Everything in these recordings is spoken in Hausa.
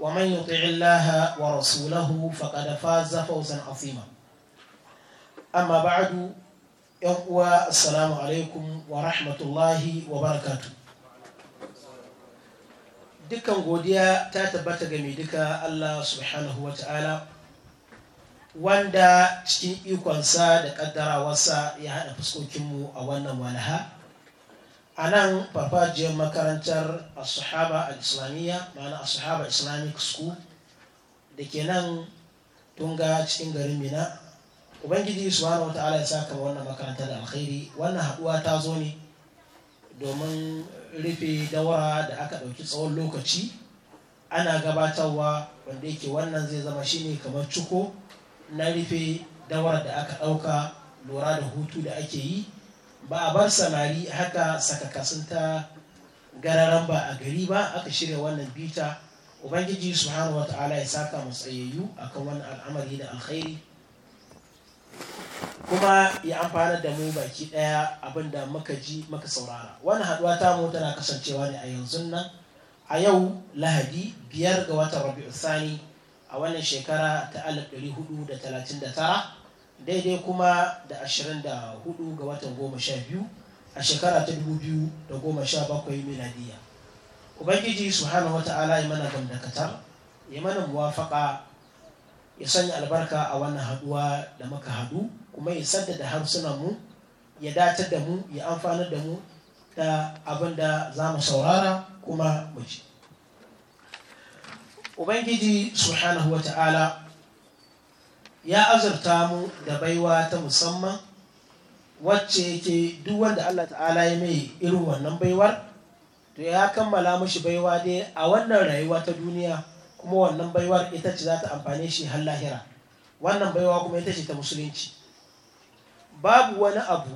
ومن يطع الله ورسوله فقد فاز فوزا عظيما أما بعد يقوى السلام عليكم ورحمة الله وبركاته dukkan godiya ta tabbata ga mai duka Allah subhanahu wa ta'ala wanda cikin ikonsa da ƙaddarawarsa ya haɗa fuskokinmu a wannan walaha a nan farfajiyar makarantar asuhaba a islamiyya ma'ana asuhaba islamic school da ke nan tunga cikin garin mina ubangiji subhanahu wa ta'ala ya saka wannan makarantar alkhairi wannan haɗuwa ta zo ne domin rufe daura da aka ɗauki tsawon lokaci ana gabatarwa wanda yake wannan zai zama shine kamar cuko na rufe daura da aka ɗauka lura da hutu da ake yi ba a bar samari haka sakakasun ta gararan ba a gari ba aka shirya wannan bita ubangiji subhanahu wa ta'ala ya saka mu tsayayyu akan wannan al'amari da alkhairi kuma ya amfana da mu baki daya abinda muka ji muka saurara wannan haduwa ta mu tana kasancewa ne a yanzu nan a yau lahadi biyar ga watan rabi'u sani a wannan shekara ta tara. daidai kuma da 24 ga watan 12 a shekara ta 2017 miladiya ubangiji subhanahu ta'ala ya mana gamdakatar ya mana muwafaka ya sanya albarka a wannan haduwa da muka hadu kuma ya saddada harsunan mu ya datar da mu ya amfanar da mu da abin da za mu saurara kuma mu ji ubangiji subhanahu wata'ala ya azurta mu da baiwa ta musamman wacce yake duk wanda Allah ta'ala ya mai irin wannan baiwar to ya kammala mashi baiwa dai a wannan rayuwa ta duniya kuma wannan baiwar ita ce za ta amfane shi har lahira wannan baiwa kuma ita ce ta musulunci babu wani abu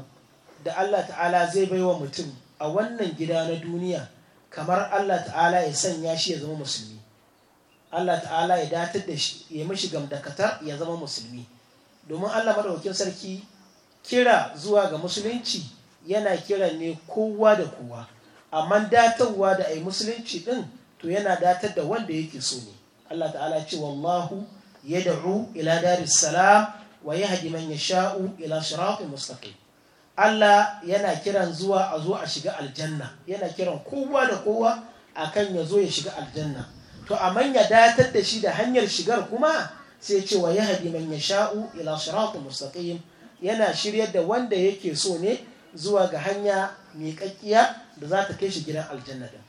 da Allah ta'ala zai baiwa mutum a wannan gida na duniya kamar Allah ta'ala ya sanya shi ya zama musulmi Allah ta'ala ya datar da shi ya mishi gamdakatar ya zama musulmi domin Allah madaukakin sarki kira zuwa ga musulunci yana kira ne kowa da kowa amma datarwa da ai musulunci din to yana datar da wanda yake so ne Allah ta'ala ce wallahu yad'u ila daris salam wa yahdi man yasha'u ila siratin mustaqim Allah yana kiran zuwa a zo a shiga aljanna yana kiran kowa da kowa akan ya zo ya shiga aljanna to amma ya datar da shi da hanyar shigar kuma sai ce wa hadi man sha'u ila siratul mustaqim yana shiryar da wanda yake so ne zuwa ga hanya miƙaƙƙiya da za ta kai shi gidan aljanna din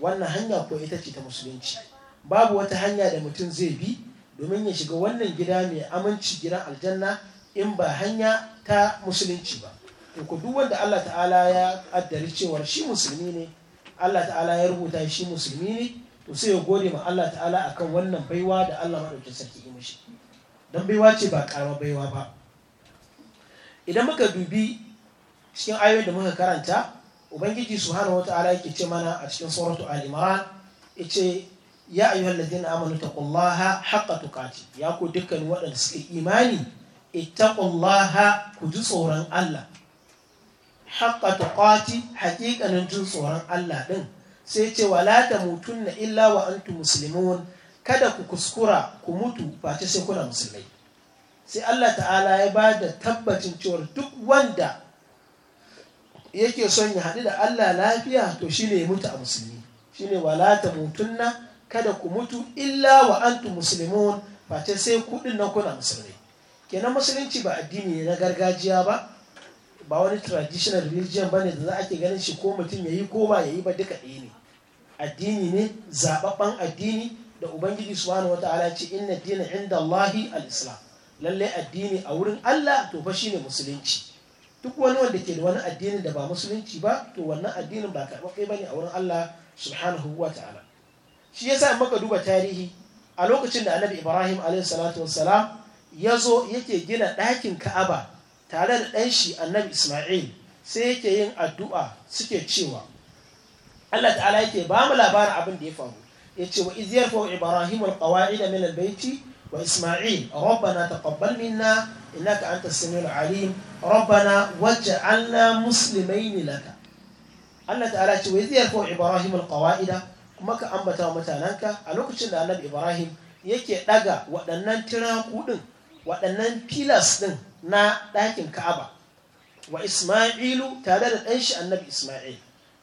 wannan hanya ko ita ce ta musulunci babu wata hanya da mutum zai bi domin ya shiga wannan gida mai aminci gidan aljanna in ba hanya ta musulunci ba to ku duk wanda Allah ta'ala ya addari cewa shi musulmi ne Allah ta'ala ya rubuta shi musulmi ne to sai ya gode ma Allah ta'ala akan wannan baiwa da Allah madaukakin sarki ya mishi dan baiwa ce ba karama baiwa ba idan muka dubi cikin ayoyin da muka karanta ubangiji subhanahu wata'ala yake ce mana a cikin suratu al imran yace ya ayyuhal ladina amanu taqullaha haqqa tuqati ya ku dukkan waɗanda suke imani ittaqullaha ku ji tsoron Allah haqqa tuqati haƙiƙanin jin tsoron Allah din sai ce wala na illa wa antu muslimun kada ku kuskura ku mutu face sai kuna musulmai sai Allah ta'ala ya ba da tabbacin cewar duk wanda yake son ya haɗu da Allah lafiya to shine ya mutu a musulmi Shi ne wala mutunna kada ku mutu illa wa musulmin muslimun face sai kuɗin nan kuna musulmi kenan musulunci ba addini ne na gargajiya ba ba wani traditional religion ne da za a ke ganin shi ko mutum ya yi ko ba yi ba duka ɗaya addini ne zaɓaɓɓen addini da ubangiji subhanahu wata ya ce inna dina inda Allahi al-islam lalle addini a wurin Allah to fa shine musulunci duk wani wanda ke da wani addini da ba musulunci ba to wannan addinin ba ba bane a wurin Allah subhanahu ta'ala. shi yasa in muka duba tarihi a lokacin da Annabi Ibrahim alaihi ya zo yake gina ɗakin Ka'aba tare da ɗan shi Annabi Isma'il sai yake yin addu'a suke cewa Allah ta'ala yake ba mu labarin abin da ya faru ce wa iz yarfa ibrahim alqawaida min albayti wa isma'il rabbana taqabbal minna innaka antas samiul alim rabbana waj'alna muslimain laka Allah ta'ala ce wa iz yarfa ibrahim alqawaida kuma ka ambata mutananka a lokacin da annabi ibrahim yake daga waɗannan tiraku din waɗannan filas din na ɗakin ka'aba wa isma'ilu tare da ɗanshi annabi isma'il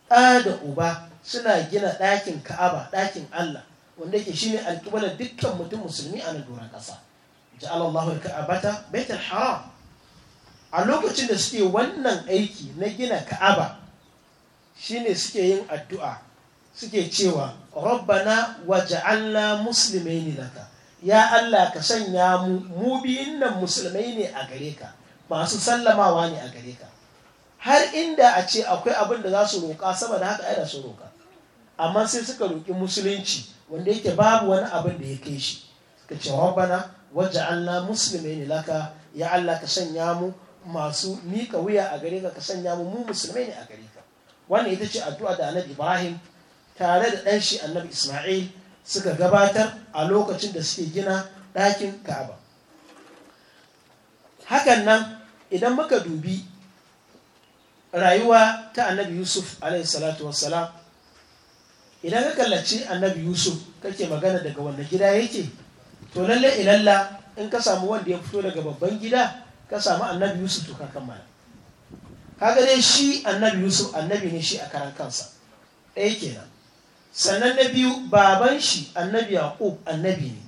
da uba suna gina ɗakin ka'aba ɗakin Allah wanda yake shine alƙiblar dukkan mutum musulmi a nan doron ƙasa ja'ala Allahu al-ka'abata baitul haram a lokacin da suke wannan aiki na gina ka'aba shine suke yin addu'a suke cewa rabbana Musulmai ne laka ya Allah ka sanya mu mu biyun nan musulmai ne a gare ka masu sallamawa ne a gare ka har inda a ce akwai abin da za su roƙa saboda haka ya da su roƙa amma sai suka roƙi musulunci wanda yake babu wani abin da ya kai shi ka ce rabbana waja'alna ne laka ya Allah ka sanya mu masu mika wuya a gare ka ka sanya mu mu musulmai ne a gare ka wannan ita ce addu'a da Annabi Ibrahim tare da ɗan shi Annabi Isma'il suka gabatar a lokacin da suke gina ɗakin Ka'aba hakan nan idan muka dubi rayuwa ta annabi yusuf alayhi salatu wassalam idan ka kallaci annabi yusuf kake magana daga wanda gida yake to lalle ilalla in ka samu wanda ya fito daga babban gida ka samu annabi yusuf to ka kammala kaga dai shi annabi yusuf annabi ne shi a karan kansa ɗaya kenan sannan na biyu baban shi annabi yaqub annabi ne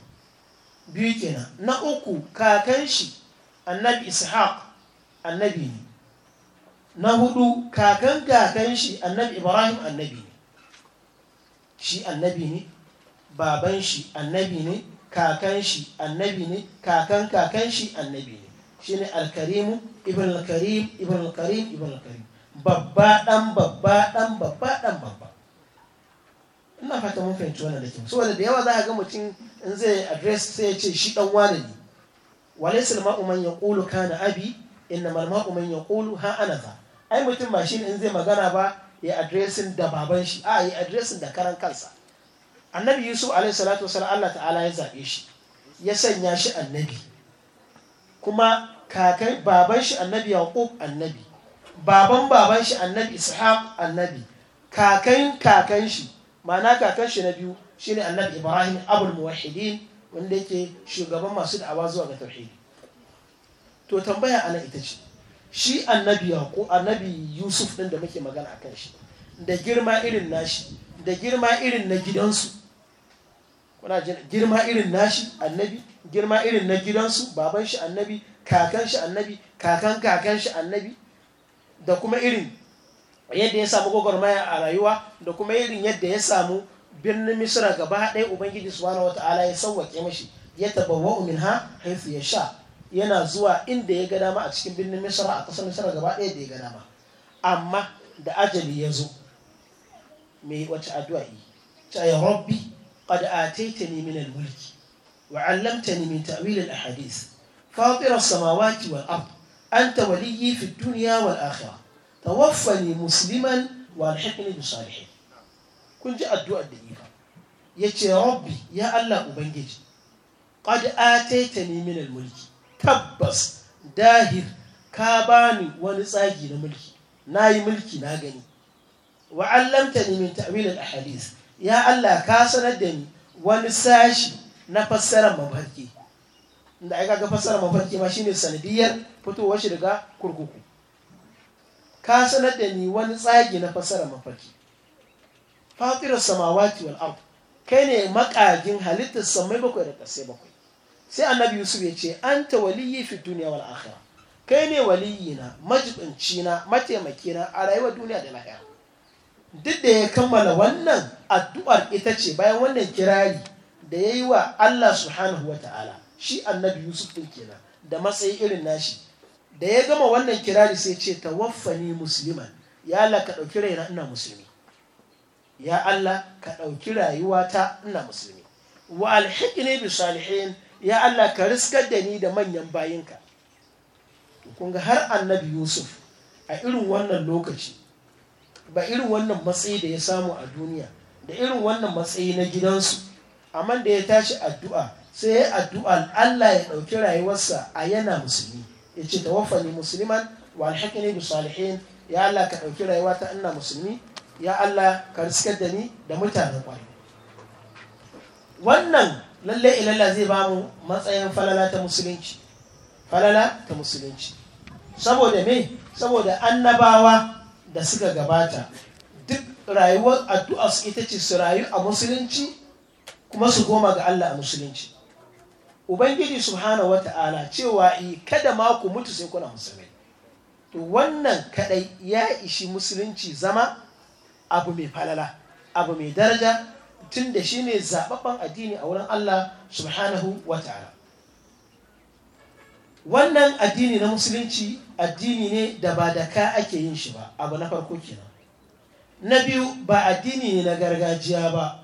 biyu kenan na uku kakan shi annabi ishaq annabi ne na hudu kakan kakan shi annabi ibrahim annabi ne shi annabi ne baban shi annabi ne kakan shi annabi ne kakan kakan shi annabi ne shi ne alkarimu ibn alkarim ibn alkarim ibn alkarim babba dan babba dan babba dan babba ina fata mun fahimci wannan da kyau saboda da yawa za a ga mutum in zai address sai ya ce shi dan wani ne walaysa al-ma'u man yaqulu kana abi innamal ma'u man yaqulu ha ana za ai mutum ba shi in zai magana ba ya adresin da baban shi a ya adresin da karan kansa annabi yusuf alaihi salatu wasallam Allah ta'ala ya zabe shi ya sanya shi annabi kuma kakai baban shi annabi yaqub annabi baban baban shi annabi ishaq annabi kakan kakan shi ma'ana kakan shi na biyu shine annabi ibrahim abul muwahhidin wanda yake shugaban masu da'awa zuwa ga tauhidi to tambaya ana ita ce shi annabi ko annabi yusuf din da muke magana a kan shi da girma irin nashi da girma irin na gidansu kuna girma irin nashi annabi girma irin na gidansu baban shi annabi kakan shi annabi kakan kakan shi annabi da kuma irin yadda ya samu gwagwarmaya a rayuwa da kuma irin yadda ya samu birnin misira gaba ɗaya ubangiji subhanahu wata'ala ya sauwaƙe mashi ya tabawwa'u minha ya sha. yana zuwa inda ya ga dama a cikin birnin misra a ƙasar misra gaba ɗaya da ya ga dama amma da ajali ya zo me wace addu'a yi ta ya rabbi qad ataitani min al mulk wa 'allamtani min ta'wil al-ahadith fatir as-samawati wal ard anta waliyyi fi ad-dunya wal akhirah tawaffani musliman wa alhiqni bi salihin kun ji addu'ar da yi fa yace rabbi ya Allah ubangiji qad ataitani min al mulk tabbas dahir ka bani wani tsagi na mulki na yi mulki na gani wa allamta ni min ta'wil al ahadith ya Allah ka sanar da ni wani sashi na fassarar mafarki inda ai ga fassarar mafarki ma shine sanadiyar fitowar shi daga kurkuku ka sanar da ni wani tsagi na fassarar mafarki fatirar samawati wal ard kai ne makagin halittar samai bakwai da ƙasai bakwai sai annabi yusuf ya ce an ta waliyyi fi duniya wal akhirah kai ne waliyina majibinci na mataimaki na a rayuwar duniya da lahira duk da ya kammala wannan addu'ar ita ce bayan wannan kirari da ya yi wa Allah subhanahu wa ta'ala shi annabi yusuf din kenan da matsayi irin nashi da ya gama wannan kirari sai ce tawaffani musliman ya Allah ka ɗauki raina ina musulmi ya Allah ka ɗauki rayuwata ina musulmi wa ne bi salihin ya Allah ka riskar da ni da manyan bayinka kun ga har annabi yusuf a irin wannan lokaci ba irin wannan matsayi da ya samu a duniya da irin wannan matsayi na gidansu amma da ya tashi addu'a sai ya addu'a Allah ya ɗauki rayuwarsa a yana musulmi ya ce tawaffani musulman wa alhaqini bi salihin ya Allah ka ɗauki rayuwa ta ina musulmi ya Allah ka riskar da ni da mutanen ƙwari wannan lalle ilalla zai ba mu matsayin falala ta musulunci falala ta musulunci saboda me saboda annabawa da suka gabata duk rayuwar addu'a su ita ce su rayu a musulunci kuma su goma ga Allah a musulunci ubangiji subhanahu wata'ala cewa kada ma ku mutu sai kuna musulmi to wannan kadai ya ishi musulunci zama abu mai falala abu mai daraja tun da shi ne zaɓaɓɓen addini a wurin Allah subhanahu wa ta'ala wannan addini na musulunci addini ne da ba da ka ake yin shi ba abu na farko kenan na biyu ba addini ne na gargajiya ba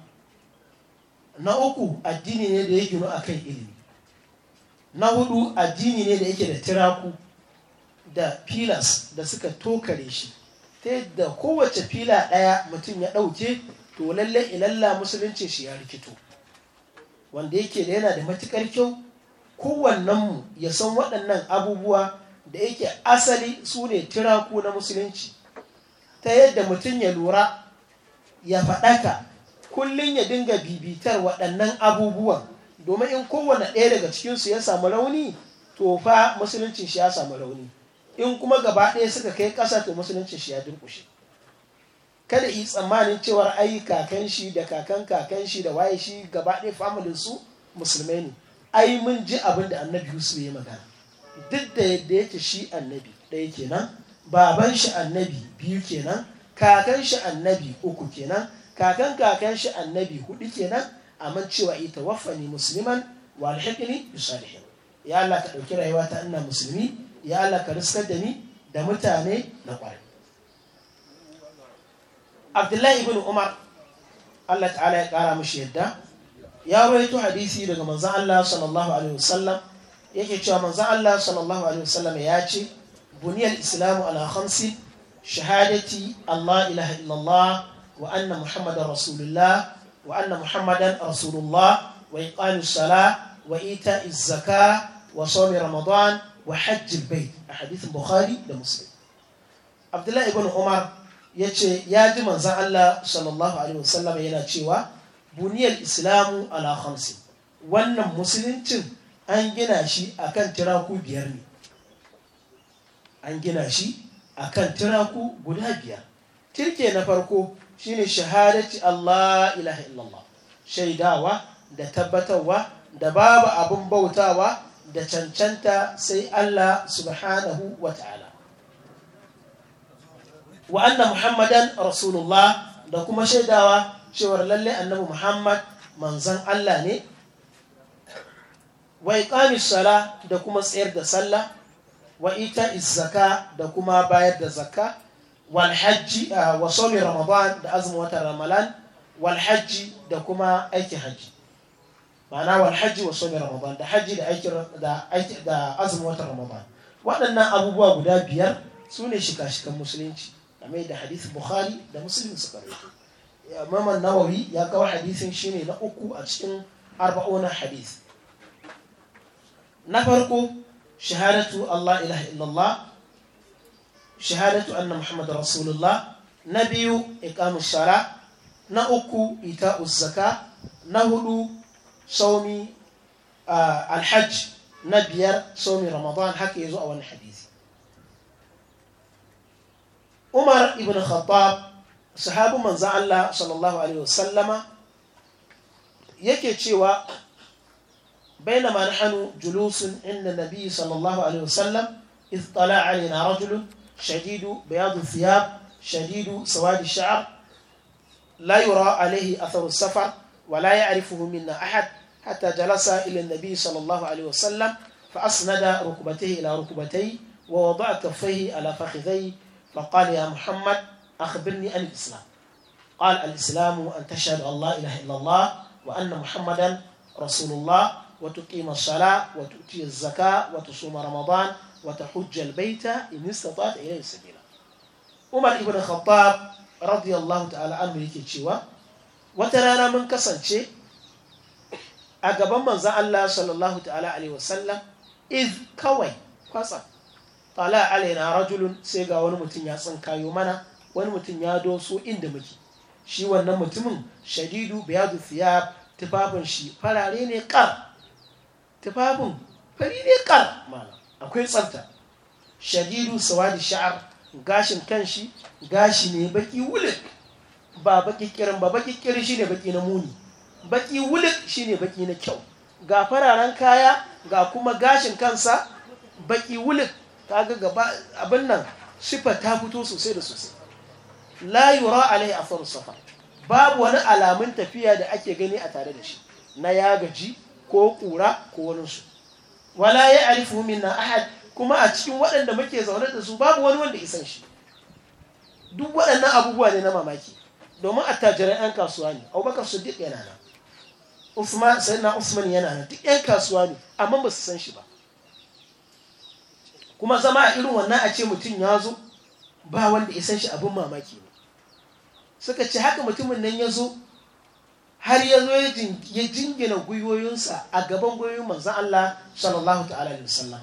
na uku addini ne da ya ginu a kan ilimi na hudu addini ne da yake da tiraku da filas da suka tokare shi ta yadda kowace fila ɗaya mutum ya ɗauke to lalle ilalla musulunci shi ya rikito wanda yake da yana da matukar kyau kowannenmu ya san waɗannan abubuwa da yake asali su ne tiraku na musulunci ta yadda mutum ya lura ya faɗaka kullum ya dinga bibitar waɗannan abubuwan domin in kowane ɗaya daga cikinsu ya samu rauni to fa musulunci shi ya samu rauni in kuma gaba ɗaya suka kai ƙasa to musulunci shi ya durƙushe kada yi tsammanin cewar ai kakan shi da kakan kakan shi da waye shi gaba ɗaya familin su musulmai ne ai mun ji abin da annabi su ya magana duk da yadda yake shi annabi ɗaya kenan baban shi annabi biyu kenan kakan shi annabi uku kenan kakan kakan shi annabi hudu kenan amma cewa ita ne musliman wa alhiqni bi salihin ya Allah ka ɗauki rayuwa ta ina musulmi ya Allah ka riskar da ni da mutane na ƙwarai abdullahi ibn umar Allah ta'ala ya kara mashi yadda ya rawaito hadisi daga manzon Allah sallallahu alaihi wasallam yake cewa manzon Allah sallallahu alaihi wasallam ya ce buniyal islamu ala khamsi shahadati Allah ilaha illallah wa anna muhammadar rasulullah wa anna muhammadan rasulullah wa iqamis salah wa ita'iz zaka wa sawmi ramadan wa hajjil bayt a bukhari da muslim abdullahi ibn umar ya ce ya ji manzan Allah sallallahu alaihi wasallam yana cewa buniyar islamu ala khamsi wannan musuluncin an gina shi a kan tiraku biyar ne an gina shi a kan tiraku guda biyar tirke na farko shine shahadati Allah ilaha illallah shaidawa da tabbatarwa da babu abin bautawa da cancanta sai Allah subhanahu wa ta'ala wa anna muhammadan rasulullah da kuma shaidawa cewar lalle annabi muhammad manzan allah ne wa iqamis sala da kuma tsayar da sallah wa ita zaka da kuma bayar da zakka wal hajji ah, wa sawmi ramadan da azumin watan ramadan wal hajji da kuma aikin hajji ma'ana wal hajji wa sawmi ramadan da hajji da aikin da da azumin watan ramadan waɗannan abubuwa guda biyar su ne shika-shikan musulunci kamar da hadisin bukhari da muslim suka rawaito imam nawawi ya kawo hadisin shine na uku a cikin arba'una hadis na farko shahadatu allah ilaha illallah shahadatu anna muhammad rasulullah na biyu iqamu shara na uku ita zaka na hudu saumi ah, alhajj na biyar saumi ramadan haka yazo a wani hadisi umar ibn khattab sahabu manzo Allah sallallahu alaihi wasallama yake cewa baina ma nahnu julusun inda nabi sallallahu alaihi wasallam idh tala alaina rajul شديد بياض الثياب شديد safar wala ya ari عليه أثر السفر ولا يعرفه منا أحد حتى جلس إلى النبي صلى الله عليه وسلم فأسند ركبتيه إلى ركبتيه ووضع كفيه على فخذيه فقال يا محمد أخبرني عن الإسلام قال الإسلام أن تشهد أن لا إله إلا الله وأن محمدا رسول الله وتقيم الصلاة وتؤتي الزكاة وتصوم رمضان وتحج البيت إن استطعت إليه سبيلا Umar ibn Khattab الله تعالى عنه yake cewa wata rana mun kasance a gaban manzon صلى الله تعالى عليه وسلم إذ كوي kwatsa tala alaina rajulun sai ga wani mutum ya kayo mana wani mutum ya doso inda muke shi wannan mutumin shadidu bayadu fiya tufafin shi farare ne kar tufafin fari ne kar mana akwai tsanta shadidu sawadi sha'ar gashin kanshi gashi ne baki wulik ba baki kirin ba baki kirin shine baki na muni baki wulik shine baki na kyau ga fararen kaya ga kuma gashin kansa baki wulik Ka ga gaba abin nan sifa ta fito sosai da sosai la yura alai athar safar babu wani alamun tafiya da ake gani a tare da shi na ya gaji ko kura ko wani su wala ya alifu na ahad kuma a cikin waɗanda muke zaune da su babu wani wanda isan shi duk waɗannan abubuwa ne na mamaki domin attajiran 'yan kasuwa ne abubakar duk yana nan usman na usman yana nan duk 'yan kasuwa ne amma ba su san shi ba kuma zama a irin wannan a ce mutum ya zo ba wanda ya san shi abin mamaki ne suka ce haka mutumin nan ya zo har ya zo ya jingina gwiwoyinsa a gaban gwiwoyin manzan Allah sallallahu ta'ala alaihi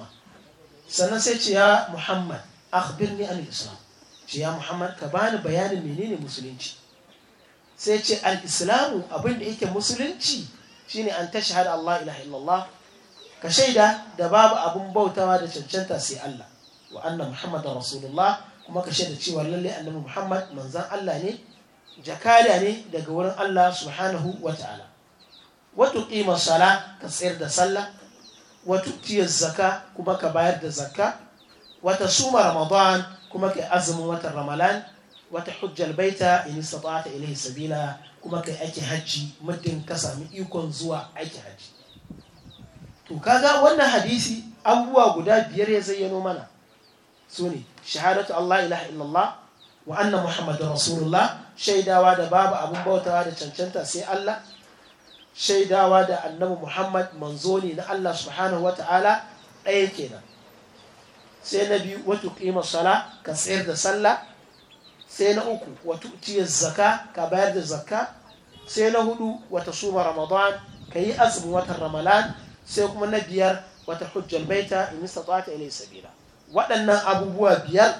sannan sai ce ya Muhammad akhbirni an islam ce ya Muhammad ka bani bayanin menene musulunci sai ce al-islamu abin da yake musulunci shine an tashhadu Allah ilaha illallah ka shaida da babu abun bautawa da cancanta sai Allah wa anna Muhammadu rasulullah kuma ka shaida cewa lalle annabi muhammad manzan Allah ne jakala ne daga wurin Allah subhanahu wa ta'ala wa tuqima sala ka tsayar da sallah wa tu'tiya zakka kuma ka bayar da zakka wa tasuma ramadan kuma ka azumin watan ramadan wa tahujjal baita in istata'ta ilayhi sabila kuma ka aiki hajji muddin ka sami ikon zuwa aiki hajji to kaga wannan hadisi abubuwa guda biyar ya zayyano mana su ne shahadatu Allah ilaha illallah wa anna muhammadin rasulullah shaidawa da babu abin bautawa da cancanta sai Allah shaidawa da annabi muhammad manzo ne na Allah subhanahu wa ta'ala ɗaya kenan sai na biyu wato kima sala ka tsayar da sallah sai na uku wato ciyar zaka ka bayar da zakka sai na hudu wata suma ramadan ka yi azumin watan ramadan sai kuma na biyar wata hujjar baita in istata ilai sabila waɗannan abubuwa biyar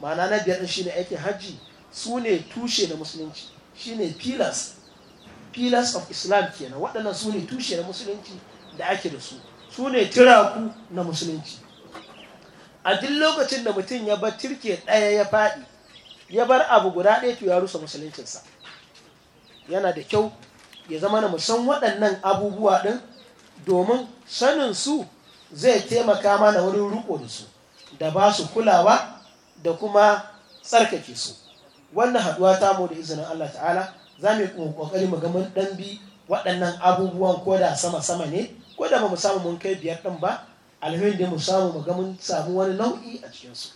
ma'ana na biyar shi shine aikin hajji su ne tushe na musulunci shine pillars pillars of islam kenan waɗannan su ne tushe na musulunci da ake da su su ne tiraku na musulunci a duk lokacin da mutum ya bar tirke ɗaya ya faɗi ya bar abu guda ɗaya to ya rusa musuluncinsa yana da kyau ya zama na musan waɗannan abubuwa ɗin domin sanin su zai taimaka mana wurin riko da su da ba su kulawa da kuma tsarkake su wannan haduwa ta da izinin Allah ta'ala za mu yi kokari mu ga mun dan bi waɗannan abubuwan ko da sama sama ne ko da ba mu samu mun kai biyar din ba alhamdulillah da mu samu mu ga mun samu wani nau'i a cikin su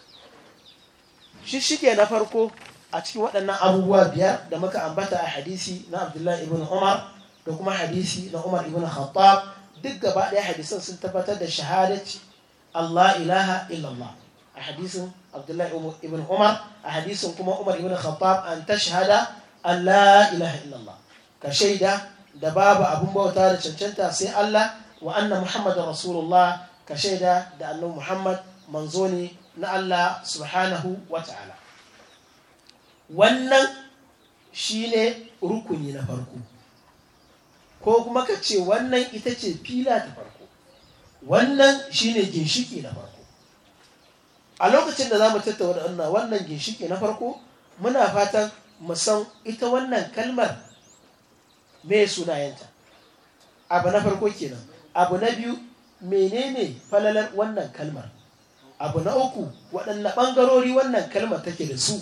shi shike na farko a cikin waɗannan abubuwa biyar da muka ambata a hadisi na Abdullahi ibn Umar da kuma hadisi na Umar ibn Khattab duk gaba ɗaya hadisan sun tabbatar da shahadaci Allah ilaha illallah a hadisin Abdullahi ibn Umar a hadisin kuma Umar ibn Khattab an ta shahada Allah ilaha illallah ka shaida da babu abun bauta da cancanta sai Allah wa anna Muhammadan Rasulullah ka shaida da annabi Muhammad manzo ne na Allah subhanahu wa ta'ala wannan shine rukuni na farko ko kuma ka ce wannan ita ce fila ta farko wannan shine ginshiki na farko a lokacin da za mu tattauna wannan wannan ginshiki na farko muna fatan mu san ita wannan kalmar me sunayenta abu na farko kenan abu na biyu menene falalar wannan kalmar abu na uku waɗanne ɓangarori wannan kalmar take da su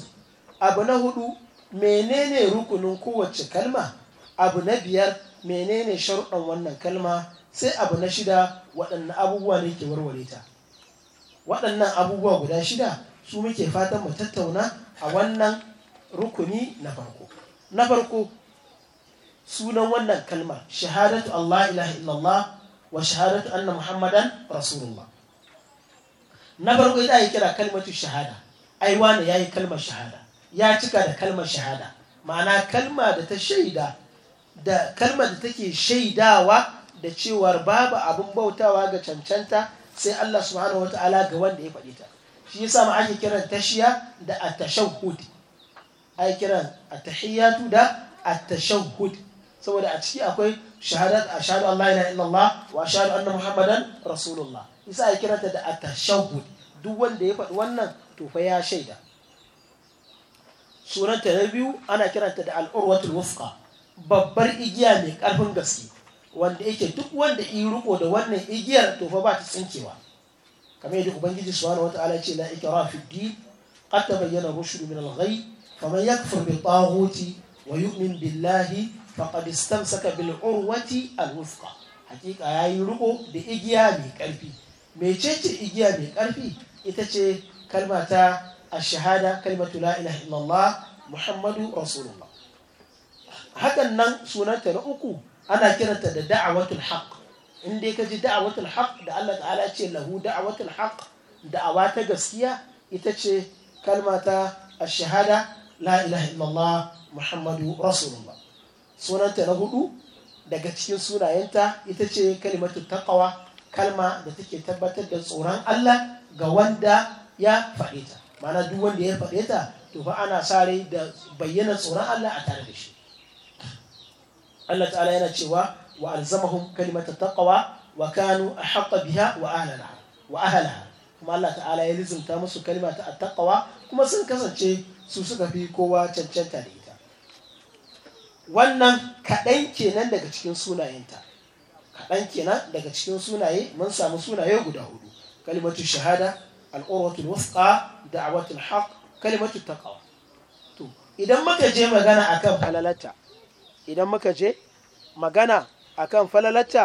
abu na hudu menene rukunin kowace kalma abu na biyar menene sharuɗan wannan kalma sai abu na shida waɗannan abubuwa ne ke warware ta waɗannan abubuwa guda shida su muke fatan mu tattauna a wannan rukuni na farko na farko sunan wannan kalmar shahadatu Allah ilaha illallah wa shahadatu anna muhammadan rasulullah na farko ita ake kira kalmatu shahada ai wane yayi kalmar shahada ya cika da kalmar shahada ma'ana kalma da ta shaida da kalmar da take shaidawa da cewar babu abin bautawa ga cancanta sai Allah subhanahu wata'ala ga wanda ya faɗi ta shi yasa ma ake kiran tashiya da at-tashahhud ai kiran at-tahiyatu da at-tashahhud saboda a ciki akwai shahadat ashhadu an la ilaha illallah wa ashhadu anna muhammadan rasulullah yasa ai kiranta da at-tashahhud duk wanda ya faɗi wannan to fa ya shaida suranta na biyu ana kiranta da al-urwatul wufqa babbar igiya mai ƙarfin gaske wanda yake duk wanda yi riko da wannan igiyar to fa ba ta tsinkewa kamar yadda ubangiji subhanahu wataala ya ce la ikra fi din qad tabayyana rushdu min al-ghay faman yakfur bi taghuti wa yu'min billahi faqad istamsaka bil urwati al haƙiƙa hakika yayi riko da igiya mai karfi mecece igiya mai karfi ita ce kalmata a shahada kalmatu la ilaha illallah muhammadu rasulullah hakan nan sunanta na uku ana kiranta da da'awatul haqq in dai ka ji da'awatul haqq da Allah ta'ala ce lahu da'awatul haqq da'awa ta gaskiya ita ce kalma ta shahada la ilaha illallah muhammadu rasulullah sunanta na hudu daga cikin sunayenta ita ce kalimatu taqwa kalma da take tabbatar da tsoron Allah ga wanda ya faɗe ta ma'ana duk wanda ya faɗe ta to fa ana sare da bayyana tsoron Allah a tare da shi Allah ta'ala yana cewa wa alzamahum kalimata taqwa wa kanu ahqqa biha wa ahlaha wa ahlaha kuma Allah ta'ala ya lizumta musu kalimata ta taqwa kuma sun kasance su suka fi kowa cancanta da ita wannan kaɗan kenan daga cikin sunayenta kaɗan kenan daga cikin sunaye mun samu sunaye guda hudu kalimatu shahada al'urwatul wasqa da'watul haqq kalimatu taqwa to idan muka je magana akan halalata. idan muka je magana a kan falalatta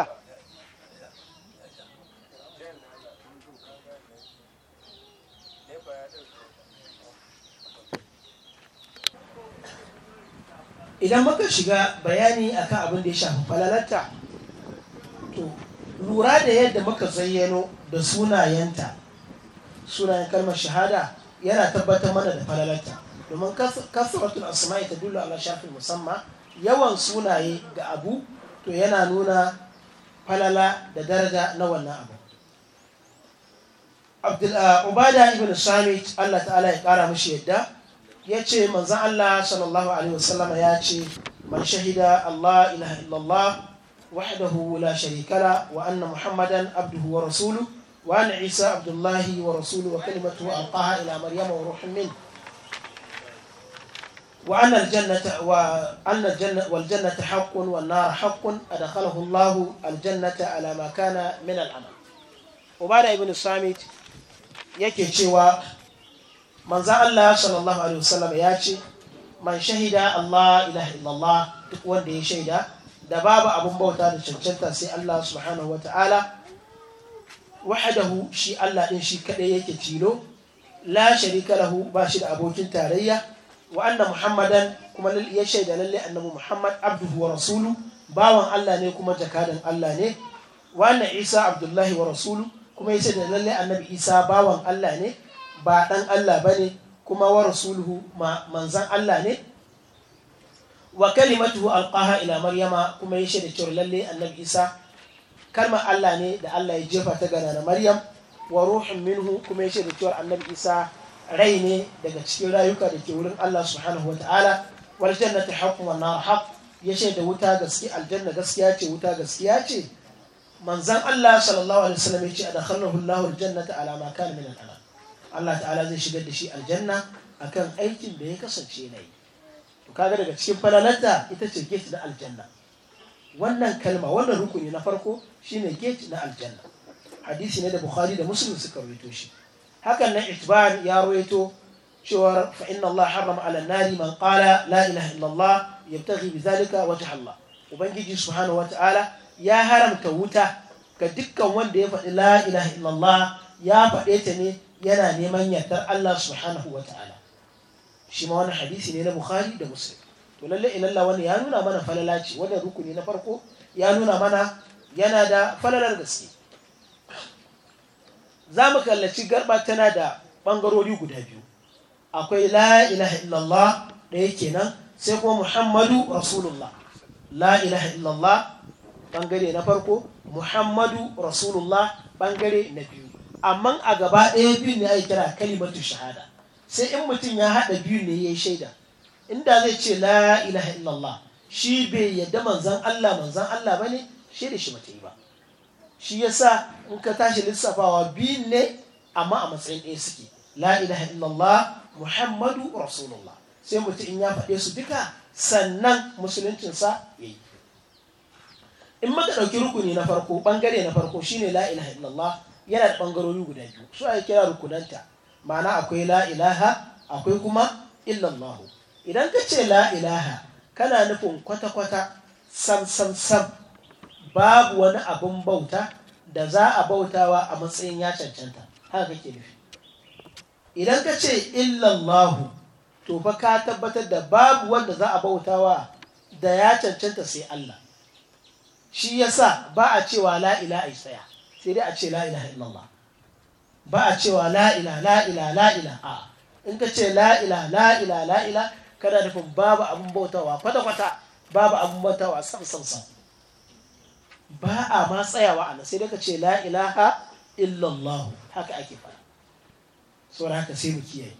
idan muka shiga bayani akan abin da ya shafi falalatta to lura da yadda muka zayyano da sunayenta sunayen kalmar shahada yana tabbatar mana da falalatta domin kasaratul asma'i ta dula ala shafin musamman yawan sunaye ga abu to yana nuna falala da daraja na wannan abu uh, ubada ibn samit allah ta'ala ya kara mashi yadda ya ce manzan allah sallallahu alaihi wasallama ya ce man shahida allah ilaha illallah wahdahu la sharikala wa anna muhammadan abduhu wa rasuluhu abdullahi wa عبد wa kalimatu وكلمته ألقاها إلى مريم وروح منه وأن الجنة وأن الجنة والجنة حق والنار حق أدخله الله الجنة على ما كان من العمل وبعد yake cewa manza Allah sallallahu alaihi wasallam ya ce man shahida Allah ilaha illallah duk wanda ya shaida da babu abun bauta da cancanta sai Allah subhanahu ta'ala wahadahu shi Allah din shi kadai yake tilo la sharika lahu ba shi da abokin tarayya wa anna muhammadan kuma ya shaida lalle annabi muhammad abduhu wa rasulu bawan allah ne kuma jakadan allah ne wa anna isa abdullahi wa rasulu kuma ya shaida lalle annabi isa bawan allah ne ba dan allah bane kuma wa rasuluhu manzan allah ne wa kalimatuhu alqaha ila maryama kuma ya shaida cewa lalle annabi isa kalmar allah ne da allah ya jefa ta gana na maryam wa ruhun minhu kuma ya shaida cewa annabi isa rai ne daga cikin rayuka da ke wurin Allah subhanahu wata'ala wal jannatu haqqun wan nar haqq yace da wuta gaskiya aljanna gaskiya ce wuta gaskiya ce manzan Allah sallallahu alaihi wasallam ce adakhalahu Allahu aljannata ala ma kana min al Allah ta'ala zai shigar da shi aljanna akan aikin da ya kasance na yi to kaga daga cikin falalarta ita ce gate na aljanna wannan kalma wannan rukuni na farko shine gate na aljanna hadisi ne da Bukhari da Muslim suka rawaito shi hakan nan itban ya ruwaito cewa fa inna Allah harrama ala nari man qala la ilaha illallah yabtaghi bizalika wajha Allah ubangiji subhanahu wataala ya haramta wuta ga dukkan wanda ya faɗi la ilaha illallah ya faɗe ta ne yana neman yardar Allah subhanahu wataala shi ma wani hadisi ne na Bukhari da Muslim to lalle ilalla wani ya nuna mana falala ce wannan rukuni na farko ya nuna mana yana da falalar gaske za mu kallaci garba tana da ɓangarori guda biyu akwai la ilaha illallah ɗaya kenan sai kuma muhammadu rasulullah la ilaha illallah ɓangare na farko muhammadu rasulullah bangare na biyu amma a gaba ɗaya biyu ne ake kira kalimatu shahada sai in mutum ya haɗa biyu ne ya yi shaida inda zai ce la ilaha illallah shi bai yadda manzan Allah manzan Allah bane shi da shi mata yi ba shi yasa in ka tashi lissafawa biyun ne amma a matsayin ɗaya suke la ilaha illallah muhammadu rasulullah sai mutum in ya faɗe su duka sannan musuluncinsa ya yi in maka ɗauki rukuni na farko ɓangare na farko shine la ilaha illallah yana da ɓangarori guda biyu su ake kira rukunanta ma'ana akwai la ilaha akwai kuma illallahu idan ka ce la ilaha kana nufin kwata-kwata sam sam sam babu wani abin bauta da za a bautawa a matsayin ya cancanta haka kake nufi idan ka ce illallahu to fa ka tabbatar da babu wanda za a bautawa da ya cancanta sai Allah shi yasa ba a cewa la ilaha tsaya sai dai a ce la ilaha illallah ba a cewa la ilaha la ilaha la ilaha in ka ce la ilaha la ilaha la ilaha kana nufin babu abin bautawa kwata kwata babu abin bautawa sam sam sam ba a ma tsayawa a sai daga ce la ilaha illallahu haka ake faɗa saboda haka sai mu kiyaye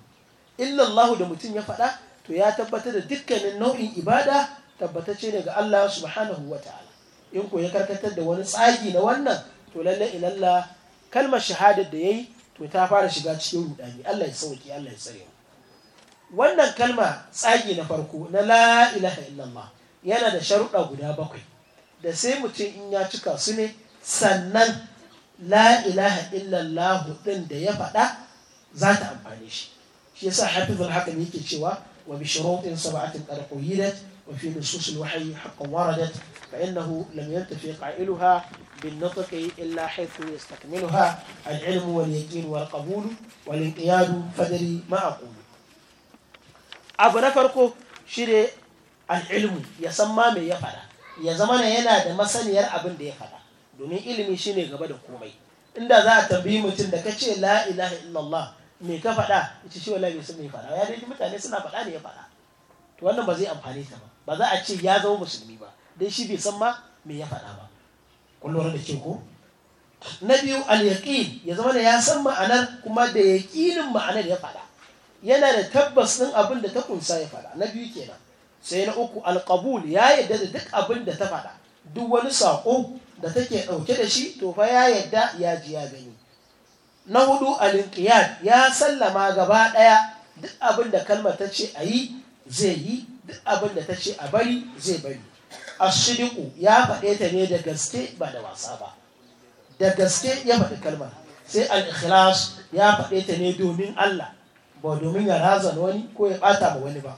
illallahu da mutum ya faɗa to ya tabbatar da dukkanin nau'in ibada tabbatacce daga Allah subhanahu wa ta'ala in ko ya karkatar da wani tsagi na wannan to lalle ilalla kalmar shahadar da yayi to ta fara shiga cikin rudani Allah ya sauki Allah ya tsare wannan kalma tsagi na farko na la ilaha illallah yana da sharuɗa guda bakwai da sai mutum in ya cika su ne sannan la ilaha illallah din da ya faɗa za ta amfane shi shi yasa hafizul hakan yake cewa wa bi shurutin sab'atin qad quyidat wa fi nusus al-wahyi haqqan waradat fa innahu lam yantafi qailuha bin nutqi illa haythu yastakmiluha al-ilm wal yaqin wal qabul wal inqiyad fadri ma aqulu abu na farko shine al-ilm ya san ma me ya faɗa ya zama na yana da masaniyar abin da ya faɗa domin ilimi shine gaba da komai inda za a tambayi mutum da ka ce la ilaha illallah me ka faɗa ita shi wallahi bai mai faɗa ya dai mutane suna faɗa ne ya faɗa to wannan ba zai amfane ta ba ba za a ce ya zama musulmi ba dai shi bai san ma me ya faɗa ba kun lura da ke ko na biyu al-yaqin ya zama da ya san ma'anar kuma da yaqinin ma'anar ya faɗa yana da tabbas ɗin abin da ta kunsa ya faɗa na biyu kenan sai na uku alkabul ya yadda da duk abin da ta faɗa duk wani saƙo da take ɗauke da shi to fa ya yadda ya ji ya gani na hudu alinkiyad ya sallama gaba ɗaya duk abin da kalmar ta ce a yi zai yi duk abin da ta ce a bari zai bari ashidiku ya faɗe ta ne da gaske ba da wasa ba da gaske ya faɗi kalmar sai al-ikhlas ya faɗe ta ne domin Allah ba domin ya razana wani ko ya ɓata ba wani ba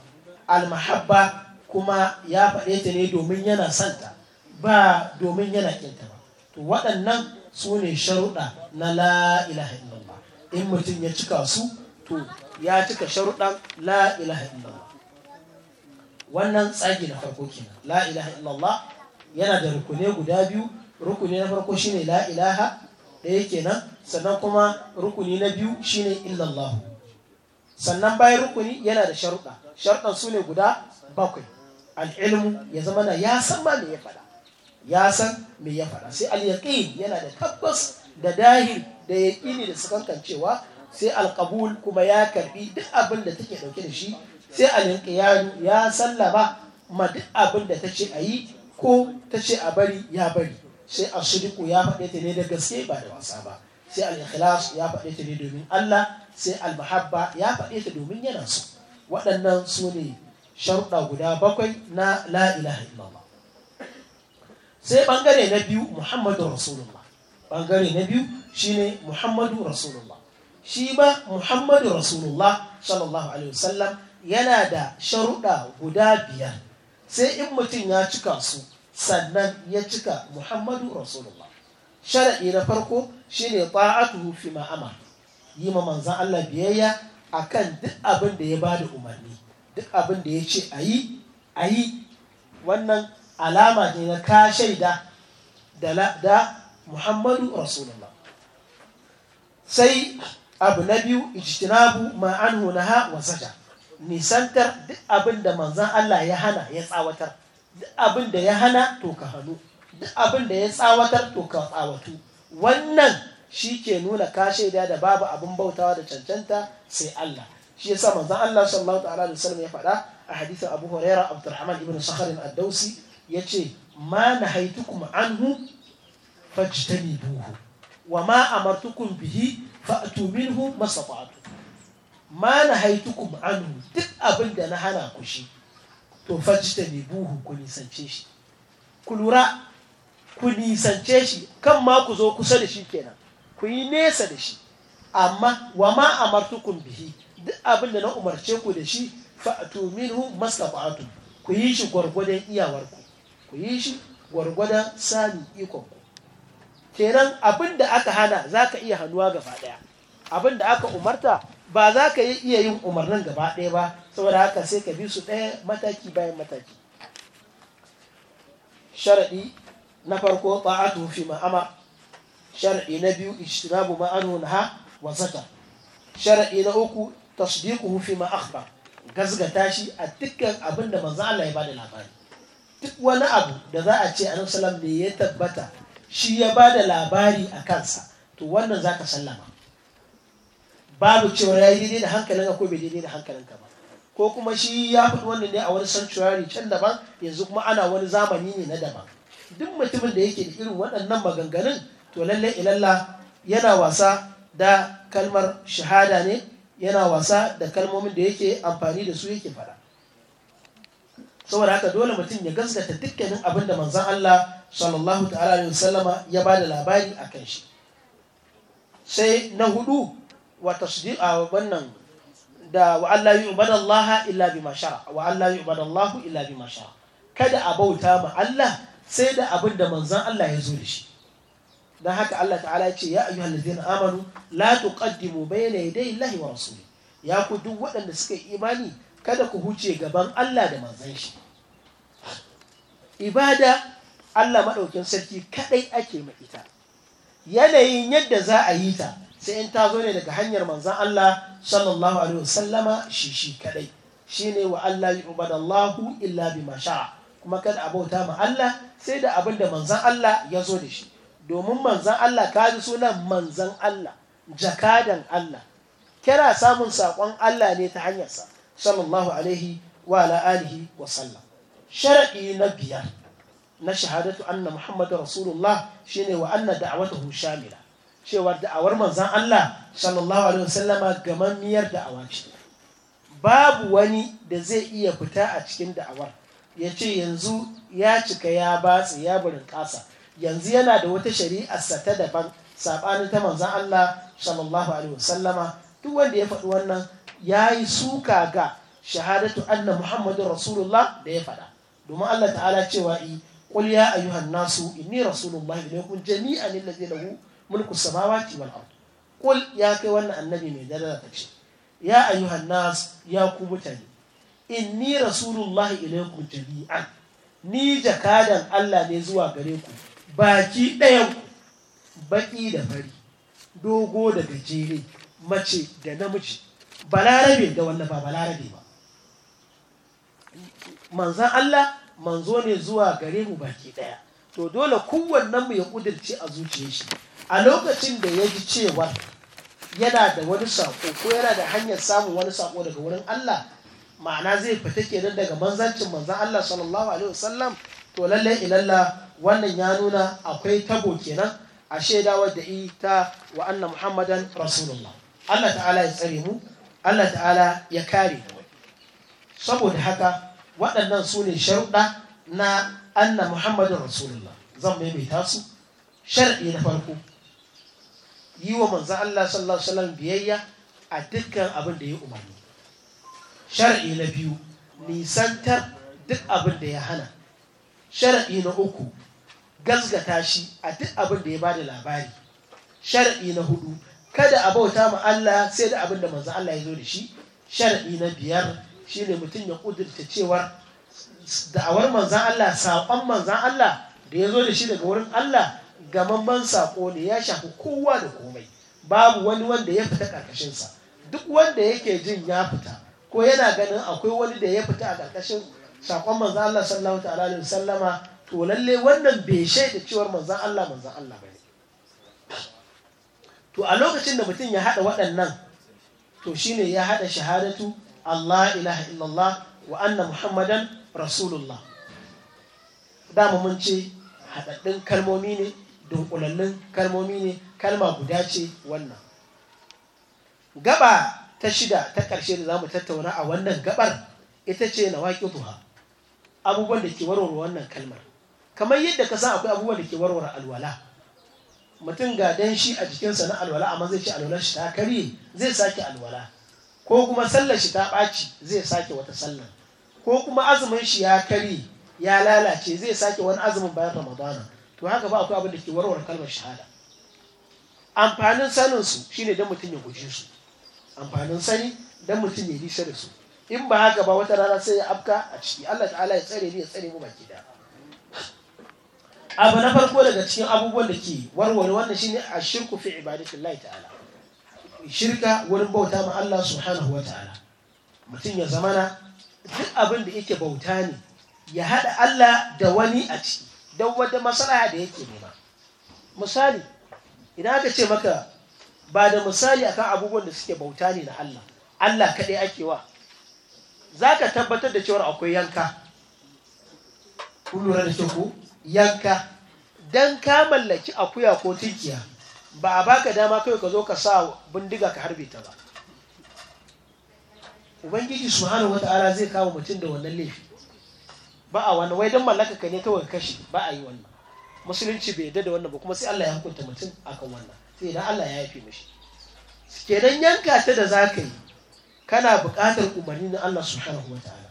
almahabba kuma ya faɗe ta ne domin yana santa ba domin yana kinta ba to waɗannan su ne sharuɗa na la ilaha illallah in mutum ya cika su to ya cika sharuɗan la ilaha illallah wannan tsagi na farko kenan la ilaha illallah yana da rukune guda biyu rukuni na farko shine la ilaha ɗaya kenan sannan kuma rukuni na biyu shine illallahu sannan bayan rukuni yana da sharuɗa sharuɗan su ne guda bakwai al'ilmu ya zama na ya san ma me ya faɗa ya san me ya faɗa sai al yana da tabbas da dahil da yaƙini da sakankan cewa sai al kuma ya karbi duk abin da take dauke da shi sai al ya sallama ma duk abin da tace ayi ko tace a bari ya bari sai as ya faɗe ta ne da gaske ba da wasa ba sai al ya faɗe ta ne domin Allah sai almahabba ya faɗe ta domin yana so waɗannan su ne sharuɗa guda bakwai na la ilaha illallah sai ɓangare na biyu muhammadu rasulullah ɓangare na biyu shine muhammadu rasulullah shi ba muhammadu rasulullah sallallahu alaihi wasallam yana da sharuɗa guda biyar sai in mutum ya cika su sannan ya cika muhammadu rasulullah sharaɗi na farko shine ta'atuhu fi ma'amara yi ma manzan Allah biyayya a kan duk abin da ya ba da umarni duk abin da ya ce a yi a yi wannan alama ne na ka shaida da muhammadu rasulullah sai abu na biyu ijtinabu ma na naha wa saja nisantar duk abin da manzan Allah ya hana ya tsawatar duk abin da ya hana to ka hannu duk abin da ya tsawatar to ka tsawatu wannan shi ke nuna ka shaida da babu abin bautawa da cancanta sai Allah shi ya sa manzon Allah sallallahu ta'ala da wasallam ya faɗa a hadisin Abu Huraira Abdurrahman ibn Sakhar ad-Dawsi yace ma nahaitukum anhu fajtanibuhu wa ma amartukum bihi fa'tu minhu mastata'tu ma nahaitukum anhu duk abin da na hana ku shi to fajtanibuhu ku nisance shi ku lura ku nisance shi kan ma ku zo kusa da shi kenan ku yi nesa da shi amma wa ma amartukum bihi duk abin da na umarce ku da shi fa'tu minhu mastata'tum ku yi shi gwargwadon iyawarku ku yi shi gwargwadon sami ikonku kenan abin da aka hana za ka iya hannuwa gaba ɗaya abin da aka umarta ba za ka iya yin umarnin gaba ɗaya ba saboda haka sai ka bi su ɗaya mataki bayan mataki sharaɗi na farko a fi ma'ama shar'i na biyu ijtinabu ma anhu naha wa shar'i na uku tasdiquhu fi ma akhbar gazgata shi a dukkan abin da manzo Allah ya bada labari duk wani abu da za a ce annabi sallallahu ne ya tabbata shi ya bada labari a kansa to wannan zaka sallama babu cewa ya yi daidai da ka ko bai daidai da hankalinka ba ko kuma shi ya faɗi wannan ne a wani sanctuary can daban yanzu kuma ana wani zamani ne na daban duk mutumin da yake da irin waɗannan maganganun to lalle ilalla yana wasa da kalmar shahada ne yana wasa da kalmomin da yake amfani da su yake faɗa saboda haka dole mutum ya gaskata dukkanin abin da manzan Allah sallallahu ta'ala alaihi sallama ya bada labari akan shi sai na hudu wa tasdiqa wannan da wa Allah yu'badu Allah illa bima shara wa Allah yu'badu Allah illa bima shara kada a bauta ma Allah sai da abin da manzan Allah ya zo da shi dan haka Allah ta'ala ya ce ya ayyuhal ladzina amanu la tuqaddimu bayna yaday Allahi wa rasuli ya ku duk waɗanda suka yi imani kada ku huce gaban Allah da manzon shi ibada Allah madaukin sarki kadai ake ma ita yanayin yadda za a yi ta sai in ta zo ne daga hanyar manzon Allah sallallahu alaihi wasallama shi shi kadai shine wa Allah yu'badallahu illa bima sha'a kuma kada a bauta ma Allah sai da abin da manzon Allah ya zo da shi domin manzan Allah ka ji sunan manzan Allah jakadan Allah kira samun saƙon Allah ne ta hanyarsa sallallahu alaihi wa ala alihi wa sallam sharaɗi na biyar na shahadatu anna muhammadu rasulullah shine wa anna da'awatahu shamila cewa da'awar manzan Allah sallallahu alaihi wa wasallama gamammiyar da'awa ce babu wani da zai iya fita a cikin da'awar ya ce yanzu ya cika ya batsi ya burin ƙasa yanzu yana da wata shari'arsa ta daban saɓani ta manzan Allah sallallahu alaihi wasallama duk wanda ya faɗi wannan ya yi suka ga shahadatu anna muhammadun rasulullah da ya faɗa domin Allah ta'ala cewa i qul ya ayyuhan nasu inni rasulullah ilaykum jami'an alladhi lahu mulku samawati wal ard qul ya kai wannan annabi mai daraja ta ce ya ayyuhan nas ya ku mutane inni rasulullah ilaykum jami'an ni jakadan Allah ne zuwa gare ku baki ɗaya baƙi da fari dogo da gajere mace da namiji balarabe da wanda ba balarabe ba manzan Allah manzo ne zuwa gare mu baki ɗaya to dole kowannen mu ya kudirce a zuciyar shi a lokacin da ya ji cewa yana da wani sako ko yana da hanyar samun wani sako daga wurin Allah ma'ana zai fita kenan daga manzancin manzan Allah sallallahu alaihi wasallam to lallai ilalla wannan ya nuna akwai tabo kenan a shaidawar da ita wa annan muhammadan rasulullah Allah ta'ala ya tsare mu Allah ta'ala ya kare mu saboda haka waɗannan su ne sharuɗa na annan muhammadan rasulullah zan maimaita su shar'i na farko yi wa manzan Allah sallallahu alaihi wasallam biyayya a dukkan abin da ya umarni shar'i na biyu nisantar duk abin da ya hana shar'i na uku gasgata shi a duk abin da ya ba da labari shar'i na hudu kada a bauta ma Allah sai da abin da manzo Allah ya zo da shi shar'i na biyar shine mutum ya kudurta cewar da'awar manzan Allah saƙon manzan Allah da ya zo da shi daga wurin Allah ga gamamman saƙo ne ya shafi kowa da komai babu wani wanda ya fita ƙarƙashinsa duk wanda yake jin ya fita ko yana ganin akwai wani da ya fita a ƙarƙashin saƙon manzan Allah sallallahu ta'ala alaihi sallama to lalle wannan bai shaida cewar manzan Allah manzan Allah bane to a lokacin da mutum ya haɗa waɗannan to shine ya haɗa shahadatu Allah ilaha illallah wa anna muhammadan rasulullah dama mun ce haɗaɗɗun kalmomi ne dunkulallun kalmomi ne kalma guda ce wannan gaba ta shida ta ƙarshe da za mu tattauna a wannan gabar ita ce na waƙi abubuwan da ke warware wannan kalmar kamar yadda ka san akwai abubuwan da ke warware alwala mutum ga dan shi a jikinsa na alwala amma zai ci alwala shi ta karye zai sake alwala ko kuma sallar shi ta ɓaci zai sake wata sallar ko kuma azumin shi ya karye ya lalace zai sake wani azumin bayan ramadana to haka ba akwai abin da ke warware kalmar shahada amfanin sanin su shine dan mutum ya guje su amfanin sani dan mutum ya nisa da su in ba haka ba wata rana sai ya afka a ciki Allah ta'ala ya tsare ni ya tsare mu baki da'a abu na farko daga cikin abubuwan da ke warware wannan shine a shirku fi ibadatillahi ta'ala shirka wurin bauta ma Allah subhanahu wa ta'ala mutum ya zama zamana duk abin da yake bauta ne ya haɗa Allah da wani a ciki don wata masalaha da yake nema misali idan aka ce maka ba da misali akan abubuwan da suke bauta ne na Allah Allah kaɗai ake wa za ka tabbatar da cewar akwai yanka kun lura da ku yanka dan ka mallaki akuya ko tinkiya ba a baka dama kai ka zo ka sa bindiga ka harbe ta ba ubangiji subhanahu wata'ala zai kawo mutum da wannan laifi ba a wani wai dan mallaka ka ne kawai kashi ba a yi wannan musulunci bai yarda da wannan ba kuma sai Allah ya hukunta mutum akan wannan sai idan Allah ya yafe mishi kenan yanka ta da ka yi kana buƙatar umarni na Allah subhanahu wata'ala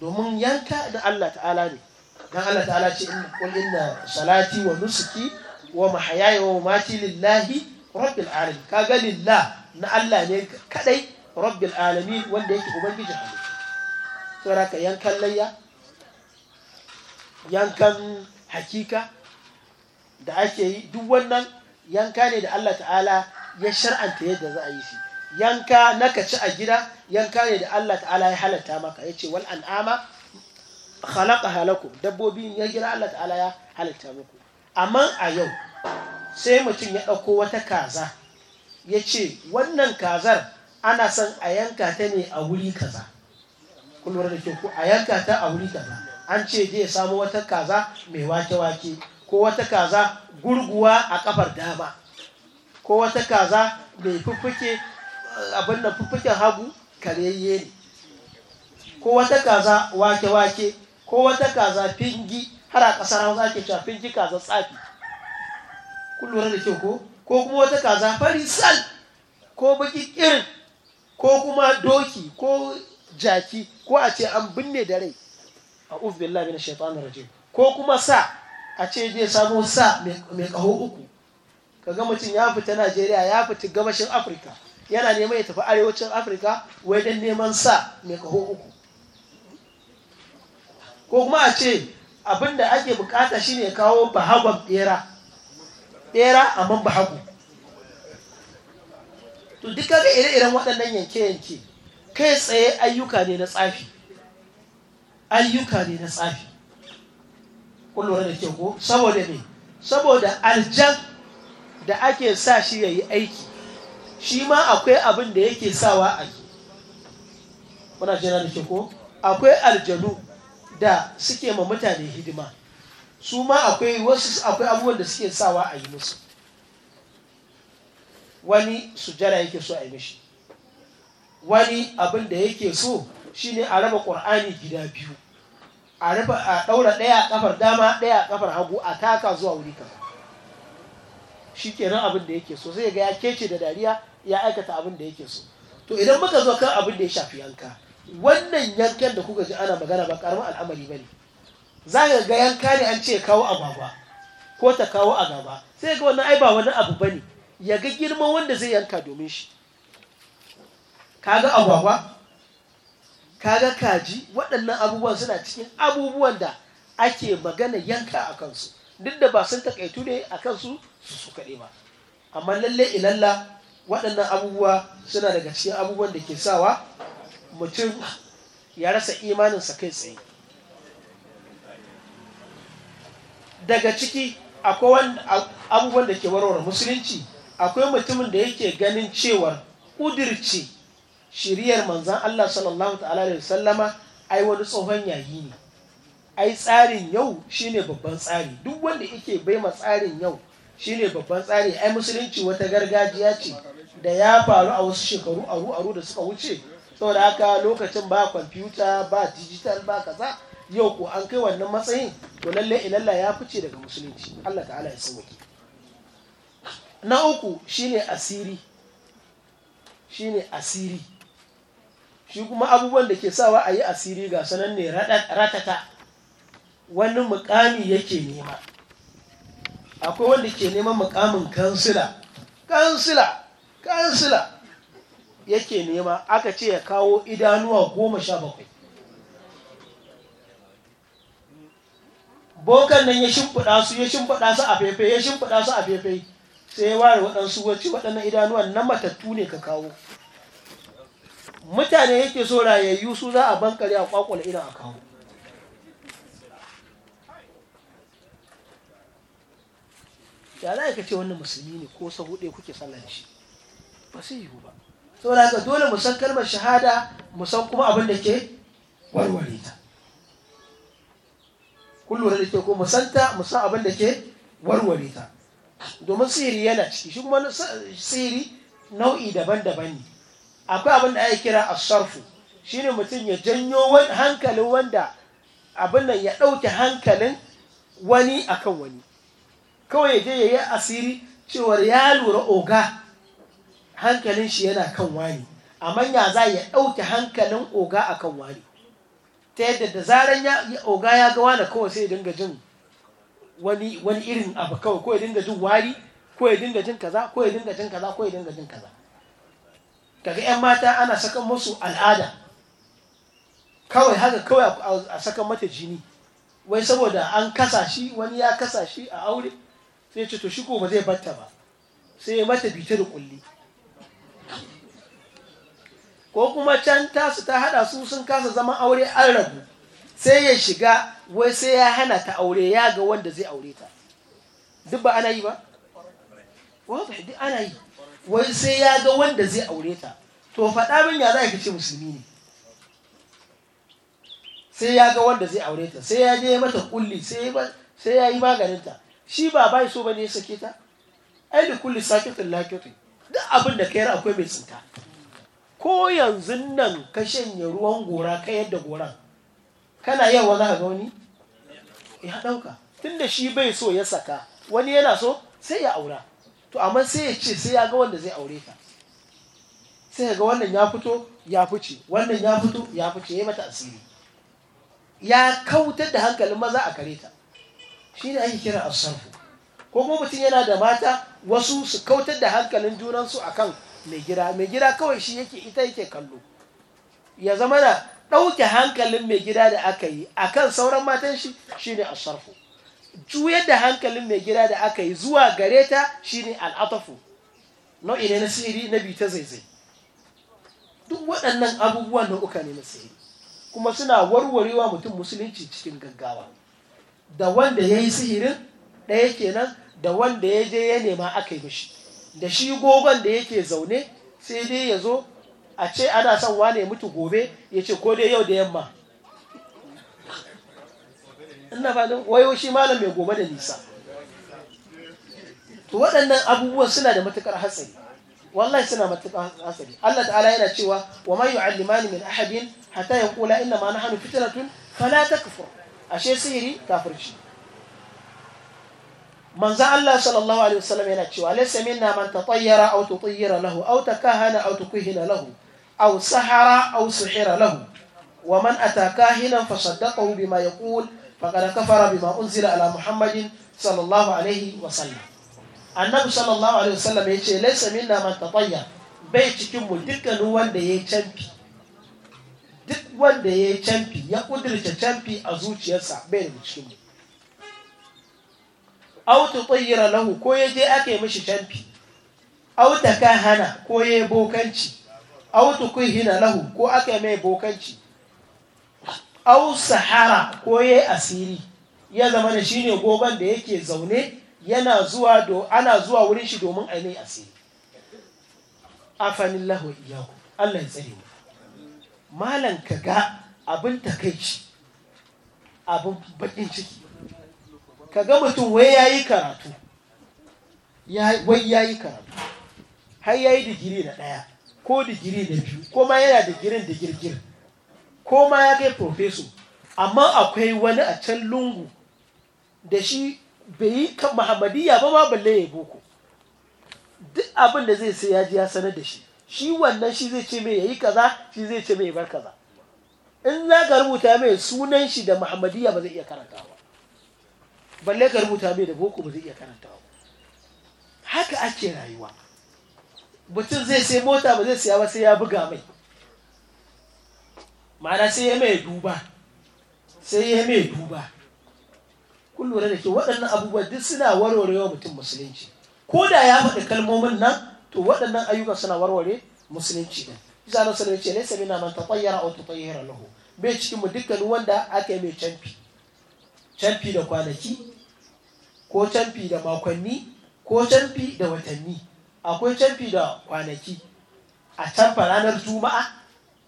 domin yanka da Allah ta'ala ne dan Allah ta'ala ce in qul inna salati wa nusuki wa mahayaya wa mamati lillahi rabbil alamin kaga lillah na Allah ne kadai rabbil alamin wanda yake ubangiji halittu saboda ka yankan layya yankan hakika da ake yi duk wannan yanka ne da Allah ta'ala ya shar'anta yadda za a yi shi yanka na ka ci a gida yanka ne da Allah ta'ala ya halatta maka ya ce wal an'ama khalaqa halakum dabbobi ya jira Allah ta'ala ya halitta muku amma a yau sai mutum ya ɗauko wata kaza ya ce wannan kazar ana son a yanka ta ne a wuri kaza kun da ke ku a yanka ta a wuri kaza an ce zai samu wata kaza mai wake-wake ko wata kaza gurguwa a kafar dama ko wata kaza mai fuffuke abin da fuffuken hagu kareyye ne ko wata kaza wake-wake ko wata kaza fingi har a ƙasar hausa ake cewa fingi kaza tsafi kullum lura da kyau ko ko kuma wata kaza fari sal ko baki kirin ko kuma doki ko jaki ko a ce an binne da rai a uf billahi min shaitanir rajim ko kuma sa a ce zai samo sa mai kaho uku kaga mutum ya fita Najeriya ya fita gabashin Afirka yana neman ya tafi arewacin Afirka wai dan neman sa mai kaho uku ko kuma a ce abin da ake bukata shine kawo bahagon bera bera amma bahago to duka ga ire-iren waɗannan yanke-yanke kai tsaye ayyuka ne na tsafi ayyuka ne na tsafi kullum da ke ko saboda ne saboda aljan da ake sa shi ya yi aiki shi ma akwai abin da yake sawa a yi kuna jira da ke ko akwai aljanu da suke ma mutane hidima su ma akwai wasu akwai abubuwan da suke sawa a yi musu wani sujjara yake so a yi mishi wani abin da yake so shine a raba ƙur'ani gida biyu a raba a ɗaura ɗaya dama ɗaya a ƙafar hagu a taka zuwa wuri kaza shi kenan abin da yake so sai ga ya kece da dariya ya aikata abin da yake so to idan muka zo kan abin da ya shafi yanka wannan yankan da kuka ji ana magana ba karamin al'amari ba ne za ka ga yanka ne an ce kawo agwagwa ko ta kawo gaba sai ga wannan ai ba wani abu ba ne ya ga girman wanda zai yanka domin shi Ka ga agwagwa ka kaga kaji waɗannan abubuwan suna cikin abubuwan da ake magana yanka a kansu duk da ba sun takaitu ne a kansu su su kaɗe ba amma lalle ilalla waɗannan abubuwa suna daga cikin abubuwan da ke sawa mutum ya rasa imaninsa kai tsaye daga ciki akwai abubuwan da ke warware musulunci akwai mutumin da yake ganin cewa ƙudirce shiriyar manzan Allah sallallahu ta'ala da sallama ai wani tsohon yayi ne ai tsarin yau shine babban tsari duk wanda yake ma tsarin yau shine babban tsari ai musulunci wata gargajiya ce da ya faru a wasu shekaru aru aru da suka wuce saboda haka lokacin ba kwamfuta ba digital ba kaza yau ko an kai wannan matsayin to lalle ilalla ya fice daga musulunci Allah ta'ala ya sauke na uku shine asiri shine asiri shi kuma abubuwan da ke sawa a yi asiri ga sanan ne ratata wani mukami yake nema akwai wanda ke neman mukamin kansila kansila kansila yake nema aka ce ya kawo idanuwa goma sha bakwai bokan nan ya shimfiɗa su ya shimfiɗa su a fefe ya shimfiɗa su a fefe sai ya ware waɗansu wacce waɗannan idanuwan na matattu ne ka kawo mutane yake so rayayyu su za a bankare a kwakwala idan a kawo ya za ka ce wannan musulmi ne ko sahuɗe kuke sallan shi ba sai yiwu ba saboda dole mu san kalmar shahada mu san kuma abin da ke warware ta kun da ke ko mu san ta mu san abin da ke warware ta domin sihiri yana ciki shi kuma sihiri nau'i daban-daban ne akwai abin da ake kira a sarfu. Shi ne mutum ya janyo hankalin wanda abin nan ya ɗauke hankalin wani akan wani kawai ya je ya yi asiri cewar ya lura oga hankalin shi yana kan wani amma ya za ya ɗauke hankalin oga a kan wani ta yadda da zaran ya oga ya ga wani kawai sai ya dinga jin wani irin abu kawai ko ya dinga jin wari ko ya dinga jin kaza ko ya dinga jin kaza ko ya dinga jin kaza kaga yan mata ana saka musu al'ada kawai haka kawai a saka mata jini wai saboda an kasa shi wani ya kasa shi a aure sai ce to shi ko ba zai batta ba sai ya mata bita da kulli ko kuma can tasu ta hada su sun kasa zaman aure an rabu sai ya shiga wai sai ya hana ta aure ya ga wanda zai aure ta duk ba ana yi ba wata duk ana yi wai sai ya ga wanda zai aure ta to faɗa min ya za ka ce musulmi ne sai ya ga wanda zai aure ta sai ya je mata kulli sai ya yi maganinta shi ba bai so ba ne ya sake ta ai da kulli sakitin lakitin duk abin da kayar akwai mai tsinta ko yanzu nan ka shanye ruwan gora ka yadda goran kana yawa za ka ga wani ya ɗauka tunda shi bai so ya saka wani yana so sai ya aura to amma sai ya ce sai ya ga wanda zai aure ka sai ya ga wannan ya fito ya fice wannan ya fito ya fice ya mata asiri ya kautar da hankalin maza a kare ta shi ne ake kira asarfu ko kuma mutum yana da mata wasu su kautar da hankalin junansu akan mai gida kawai shi yake ita yake kallo ya zama na ɗauke hankalin mai gida da aka yi akan sauran matan shi shine sharfu juyar da hankalin mai gida da aka yi zuwa gare ta shine al'atafu nau'i ne na sihiri na bita zaizai duk waɗannan abubuwan uka ne na sihiri kuma suna warwarewa mutum musulunci cikin gaggawa da wanda ya yi sihirin ɗaya kenan da wanda ya je ya nema aka yi mishi da shi gogon da yake zaune sai dai ya zo a ce ana son wane mutu gobe ya ce ko dai yau da yamma ina fadin wayo shi malam mai gobe da nisa to waɗannan abubuwan suna da matukar hatsari wallahi suna matukar hatsari Allah ta'ala yana cewa wa man yu'allimani min ahadin hatta yaqula inna ma nahnu fitnatun fala takfur ashe sihiri kafirci manzan Allah sallallahu alaihi wasallam yana cewa laysa minna man tatayyara aw tutayyara lahu aw takahana aw tukuhina lahu aw sahara aw suhira lahu wa man ata kahinan fa saddaqahu bima yaqul faqad kafara bima unzila ala muhammadin sallallahu alaihi wasallam annabi sallallahu alaihi wasallam yace laysa minna man tatayyara bai cikin mu dukkanin wanda ya canfi duk wanda yayi canfi ya kudirce canfi a zuciyarsa bai da cikin mu aw tutayyira lahu ko ya je ake mishi canfi aw hana ko ya yi bokanci aw hina lahu ko aka mai bokanci au sahara ko ya yi asiri ya zama da shi ne goban da yake zaune yana zuwa do ana zuwa wurin shi domin a mai asiri afanin lahu iyaku Allah ya tsare mu malan ka ga abin takaici abin bakin ciki ka ga mutum wai ya yi karatu wai ya yi karatu har ya yi digiri na ɗaya ko digiri da biyu ko ma yana digirin da girgir ko ma ya kai profeso amma akwai wani a can lungu da shi bai yi muhammadiyya ba ma balle ya boko duk abin da zai sai ya ji ya sanar da shi shi wannan shi zai ce mai yi kaza shi zai ce mai bar kaza in za ka rubuta mai sunan shi da muhammadiyya ba zai iya karantawa balle ka rubuta bai da boko ba zai iya karanta ba haka ake rayuwa mutum zai sai mota ba zai siya ba sai ya buga mai ma'ana sai ya mai duba sai ya mai duba kun lura da ke waɗannan abubuwa duk suna warwarewa mutum musulunci ko da ya faɗi kalmomin nan to waɗannan ayyuka suna warware musulunci ɗin isa na sallallahu na wasallam ta man tatayyara aw tatayyara lahu bai cikin mu dukkan wanda aka yi mai canfi canfi da kwanaki ko canfi da makonni ko canfi da watanni akwai canfi da kwanaki a canfa ranar juma'a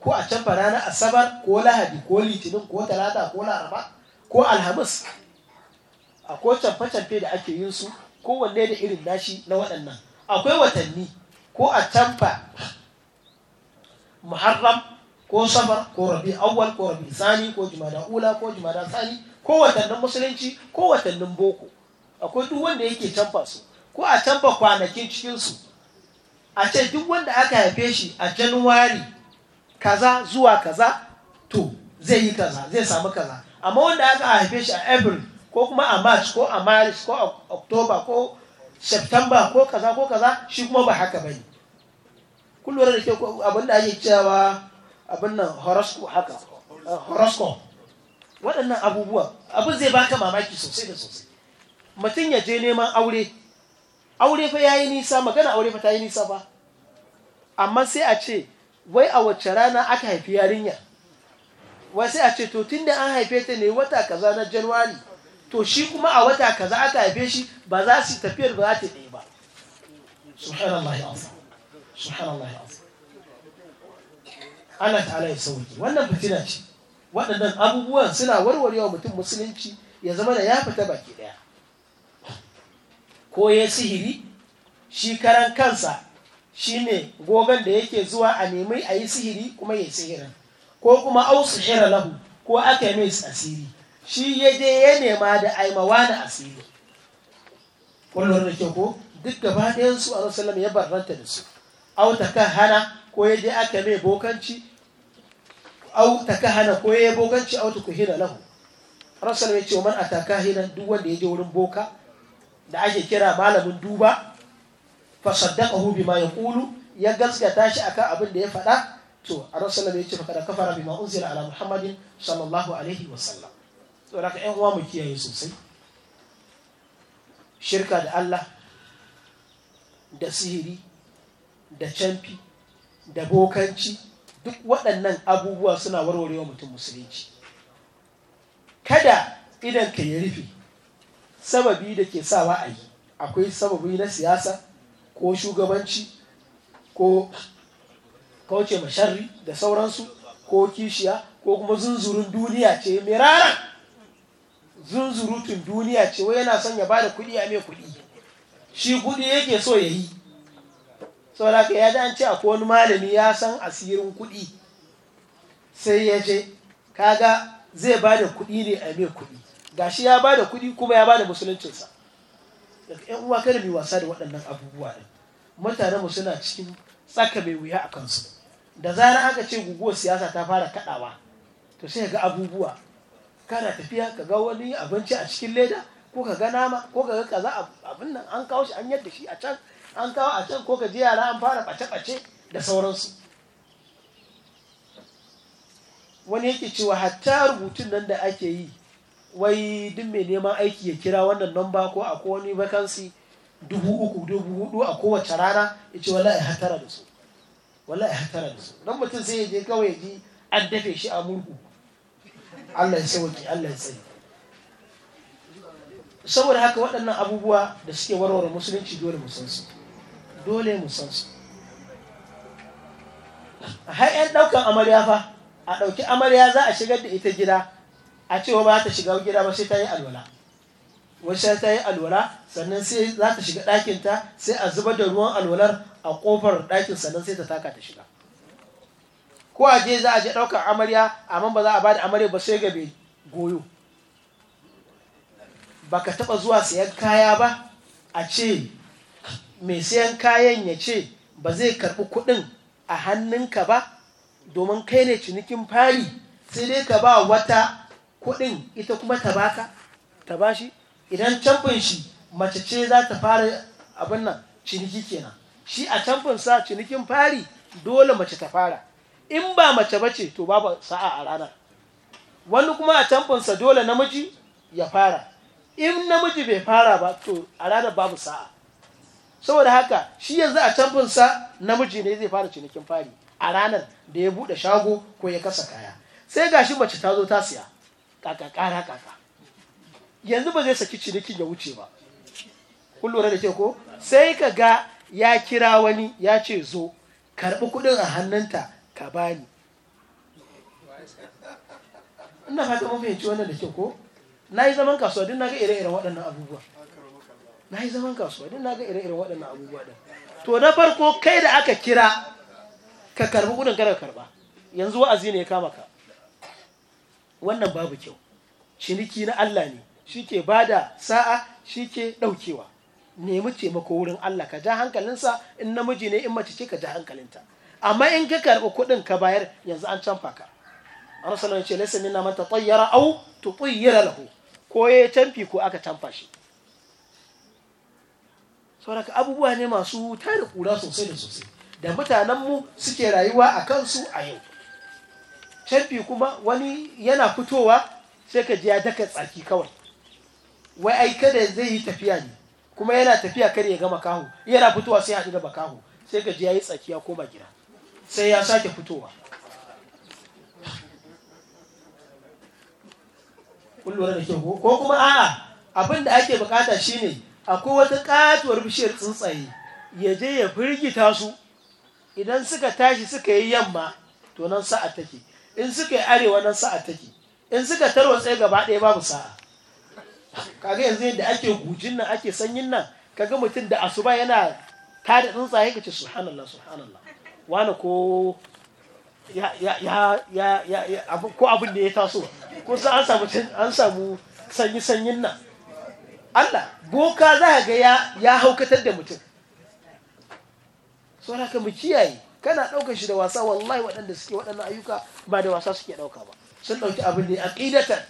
ko a canfa ranar asabar ko lahadi ko litinin ko talata ko laraba ko alhamis akwai canfa canfe da ake yin su kowanne da irin nashi na waɗannan akwai watanni ko a canfa muharram ko safar ko rabi awwal ko rabi sani ko jumada ula ko jumada sani ko watannin musulunci ko watannin boko akwai duk wanda yake canfa su ko a canfa kwanakin cikin su a ce duk wanda aka haife shi a januwari kaza zuwa kaza to zai yi kaza zai samu kaza amma wanda aka haife shi a april ko kuma a march ko a maris ko a october ko september ko kaza ko kaza shi kuma ba haka bane kun lura da ke abin da ake cewa abin nan horoscope haka horoscope waɗannan abubuwa abin zai baka mamaki sosai da sosai mutum ya je neman aure aure fa ya yi nisa magana aure fa ta yi nisa ba. amma sai a ce wai a wacce rana aka haifi yarinya wai sai a ce to da an haife ta ne wata kaza na januwari to shi kuma a wata kaza aka haife shi ba za su tafiyar ba za ta ɗaya ba subhanallah ya Allah ta'ala ya sauki wannan fitina ce waɗannan abubuwan suna warwarewa mutum musulunci ya zama da ya fita baki ɗaya ko ya sihiri shi karan kansa shi ne gogon da yake zuwa a nemi a yi sihiri kuma ya sihirin ko kuma au hira lahu ko aka yi mai asiri shi ya je ya nema da aimawa na asiri kullum da ke ko duk gaba ɗayan su a rasulun ya barranta da su ta kan hana ko ya je aka mai bokanci ta kan hana ko ya yi bokanci au ku hira lahu rasulun ya ce wa man ataka kahina duk wanda ya je wurin boka da ake kira malamin duba fa saddaqahu bima yaqulu ya gaskata shi akan abin da ya faɗa to a sallallahu ya ce fa kada kafara bima unzila ala muhammadin sallallahu alaihi wa sallam to ƴan uwa mu kiyaye sosai shirka da Allah da sihiri da canfi da bokanci duk waɗannan abubuwa suna warwarewa mutum musulunci kada idan ka yi rufe sababi da ke sawa a yi akwai sababi na siyasa ko shugabanci ko kauce masharri da sauransu ko kishiya ko kuma zunzurun duniya ce miraran zunzurutun duniya ce wai yana son ya bada kuɗi a mai kuɗi shi kuɗi yake so ya yi saboda ka ya ji an ce akwai wani malami ya san asirin kuɗi sai ya je kaga zai ba da kuɗi ne a mai kuɗi gashi ya ba da kuɗi kuma ya ba da musuluncinsa daga yan uwa kada mai wasa da waɗannan abubuwa ɗin mutane mu suna cikin tsaka mai wuya a kansu da zarar aka ce guguwar siyasa ta fara kaɗawa to sai ga abubuwa kana tafiya ka ga wani abinci a cikin leda ko ka ga nama ko ka ga kaza abin nan an kawo shi an yadda shi a can an kawo a can ko ka ji yara an fara ɓace-ɓace da sauransu wani yake cewa hatta rubutun nan da ake yi wai duk mai neman aiki ya kira wannan namba ko a wani vacancy dubu uku dubu hudu a kowace rana ya ce wallahi hatara da su wallahi hatara da su don mutum sai ya je kawai ya ji an dafe shi a murku Allah ya sauke Allah ya tsaye saboda haka waɗannan abubuwa da suke warware musulunci dole mu san su dole mu san su har 'yan ɗaukan amarya fa a ɗauki amarya za a shigar da ita gida a cewa ba ta shiga gida ba sai ta yi alwala wasu ta yi alwala sannan sai za ta shiga ɗakinta sai a zubar da ruwan alwalar a ƙofar ɗakin sannan sai ta taka ta shiga ko a je za a je ɗaukar amarya amma ba za a da amarya ba sai bai goyo Ba ka taɓa zuwa sayan kaya ba a ce mai sayan kayan ya ce ba zai karɓi kuɗin a hannunka ba domin kai ne cinikin fari sai dai ka ba wata kuɗin ita kuma ta baka ta bashi idan canfin shi mace ce za ta fara abin nan ciniki kenan shi a canfin sa cinikin fari dole mace ta fara in ba mace ba ce to babu sa'a a ranar wani kuma a canfin sa dole namiji ya fara in namiji bai fara ba to a ranar babu sa'a saboda haka shi yanzu a canfin sa namiji ne zai fara cinikin fari a ranar da ya buɗe shago ko ya kasa kaya sai gashi mace ta zo ta siya kaka kara kaka yanzu ba zai saki ciniki ya wuce ba kun lura da ke ko sai ka ga ya kira wani ya ce zo karɓi kuɗin a hannunta ka bani ina haka mun fahimci wannan da ke ko na yi zaman kasuwa din na ga ire-iren waɗannan abubuwa na yi zaman kasuwa din na ga ire-iren waɗannan abubuwa din to na farko kai da aka kira ka karɓi kuɗin kada karɓa yanzu wa'azi ne ya kama ka wannan babu kyau ciniki na Allah ne shi ke ba da sa'a shi ke ɗaukewa nemi taimako wurin Allah ka ja hankalinsa in namiji ne in mace ce ka ja hankalinta amma in ka karɓi kuɗin ka bayar yanzu an canfa ka an sanar ce laisa minna man tatayyara au tutayyara lahu ko ya canfi ko aka canfa shi sauraka abubuwa ne masu tare kura sosai da sosai da mutanenmu suke rayuwa a kansu a yau canfi kuma wani yana fitowa sai ka ji ya daka tsaki kawai wai ai kada zai yi tafiya ne kuma yana tafiya kar ya gama kahu yana fitowa sai haɗu da bakahu sai ka ji ya yi tsarki ya koma gida sai ya sake fitowa kullum da ke ko kuma a'a abin da ake bukata shine akwai wata katuwar bishiyar tsuntsaye ya je ya firgita su idan suka tashi suka yi yamma to nan sa'a take in suka yi arewa nan sa'a take in suka tarwatse gaba ɗaya babu sa'a kaga yanzu yadda ake gujin nan ake sanyin nan kaga mutum da asuba yana tare da tsuntsaye kace subhanallah subhanallah wani ko ya ya ya ko abin da ya taso ko sai an samu an samu sanyi sanyin nan Allah boka za ga ya haukatar da mutum saboda ka mu kiyaye kana ɗaukar shi da wasa wallahi waɗanda suke waɗannan ayyuka ba da wasa suke ɗauka ba sun ɗauki abin da aqidatan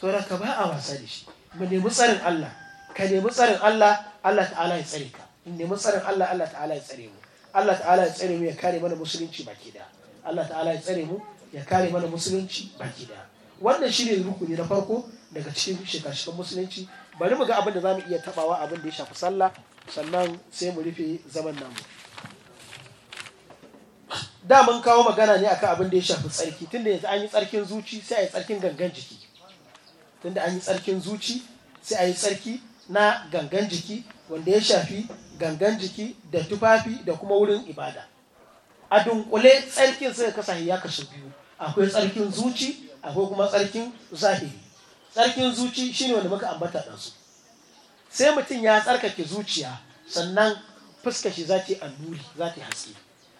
sauran ka ba a wasa da shi mu nemi tsarin Allah ka nemi tsarin Allah Allah ta'ala ya tsare ka in nemi tsarin Allah Allah ta'ala ya tsare mu Allah ta'ala ya tsare mu ya kare mana musulunci baki da Allah ta'ala ya tsare mu ya kare mana musulunci baki da wannan shine rukuni na farko daga cikin shekarun musulunci bari mu ga abin da zamu iya tabawa abin da ya shafi sallah sannan sai mu rufe zaman namu da mun kawo magana ne akan abin da ya shafi tsarki tunda yanzu an yi tsarkin zuci sai a yi tsarkin gangan jiki tunda an yi tsarkin zuci sai a yi tsarki na gangan jiki wanda ya shafi gangan jiki da tufafi da kuma wurin ibada a dunkule tsarkin sai kasa ya kashe biyu akwai tsarkin zuci akwai kuma tsarkin zahiri tsarkin zuci shine wanda muka ambata su sai mutum ya tsarkake zuciya sannan fuskar shi za ta yi annuri za ta yi haske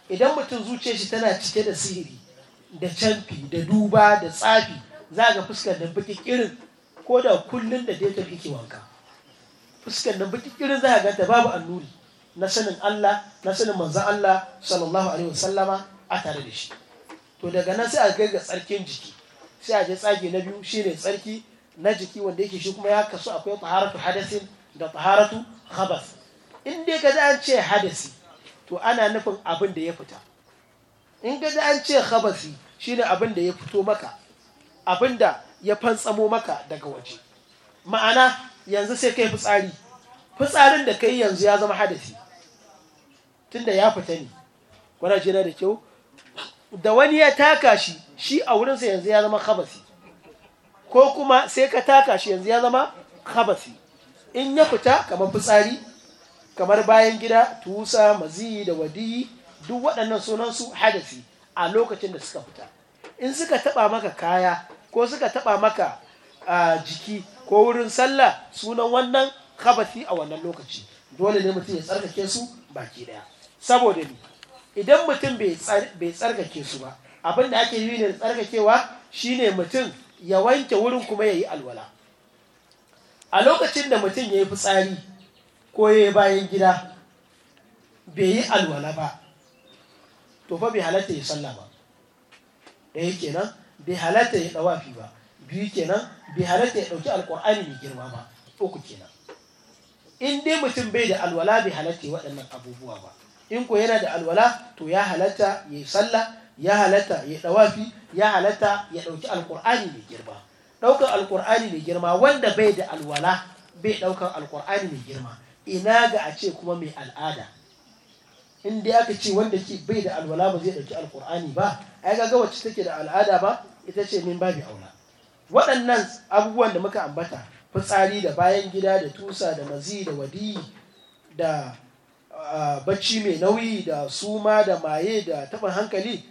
idan mutum zuce shi tana cike da sihiri da canfi da duba da tsafi za ga fuskar da baki irin ko da kullun da dai tafi ke wanka fuskar da baki irin za ga ta babu annuri na sanin Allah na sanin manzon Allah sallallahu alaihi wasallama a tare da shi to daga nan sai a ga ga tsarkin jiki sai a je tsage na biyu shine tsarki na jiki wanda yake shi kuma ya kasu akwai taharatu hadasin da taharatu khabas in dai ka an ce hadasi to ana nufin abin da ya fita in ga an ce khabasi shine abin da ya fito maka abin da ya fantsamo maka daga waje ma'ana yanzu sai kai fitsari fitsarin da kai yanzu ya zama hadasi tunda ya fita ne kwana jina da kyau da wani ya taka shi shi a wurinsa yanzu ya zama khabasi ko kuma sai ka taka shi yanzu ya zama khabasi in ya fita kamar fitsari kamar bayan gida tusa maziyi da wadiyi duk waɗannan sunansu hadasi a lokacin da suka fita in suka taɓa maka kaya ko suka taɓa maka jiki ko wurin sallah sunan wannan kabati a wannan lokaci dole ne mutum ya tsarkake su baki ɗaya saboda ni idan mutum bai tsarkake su ba abin da ake yi ne tsarkakewa ne mutum ya wanke wurin kuma ya yi alwala a lokacin da mutum ya yi fitsari ko ya bayan gida bai yi alwala ba to fa bai halatta ya sallah ba ɗaya kenan bai halatta ya ɗawafi ba biyu kenan bai halatta ya ɗauki alkur'ani mai girma ba uku kenan in dai mutum bai da alwala bai halatta ya waɗannan abubuwa ba in ko yana da alwala to ya halatta ya yi sallah ya halatta ya ɗawafi ya halatta ya ɗauki alkur'ani mai girma ɗaukar alkur'ani mai girma wanda bai da alwala bai ɗaukar alkur'ani mai girma ina ga a ce kuma mai al'ada in dai aka ce wanda ke bai da alwala ba zai ɗauki alkur'ani ba ai ga wacce take da al'ada ba ita ce min babi aula waɗannan abubuwan da muka ambata fitsari da bayan gida da tusa da mazi da wadi da bacci mai nauyi da suma da maye da taɓin hankali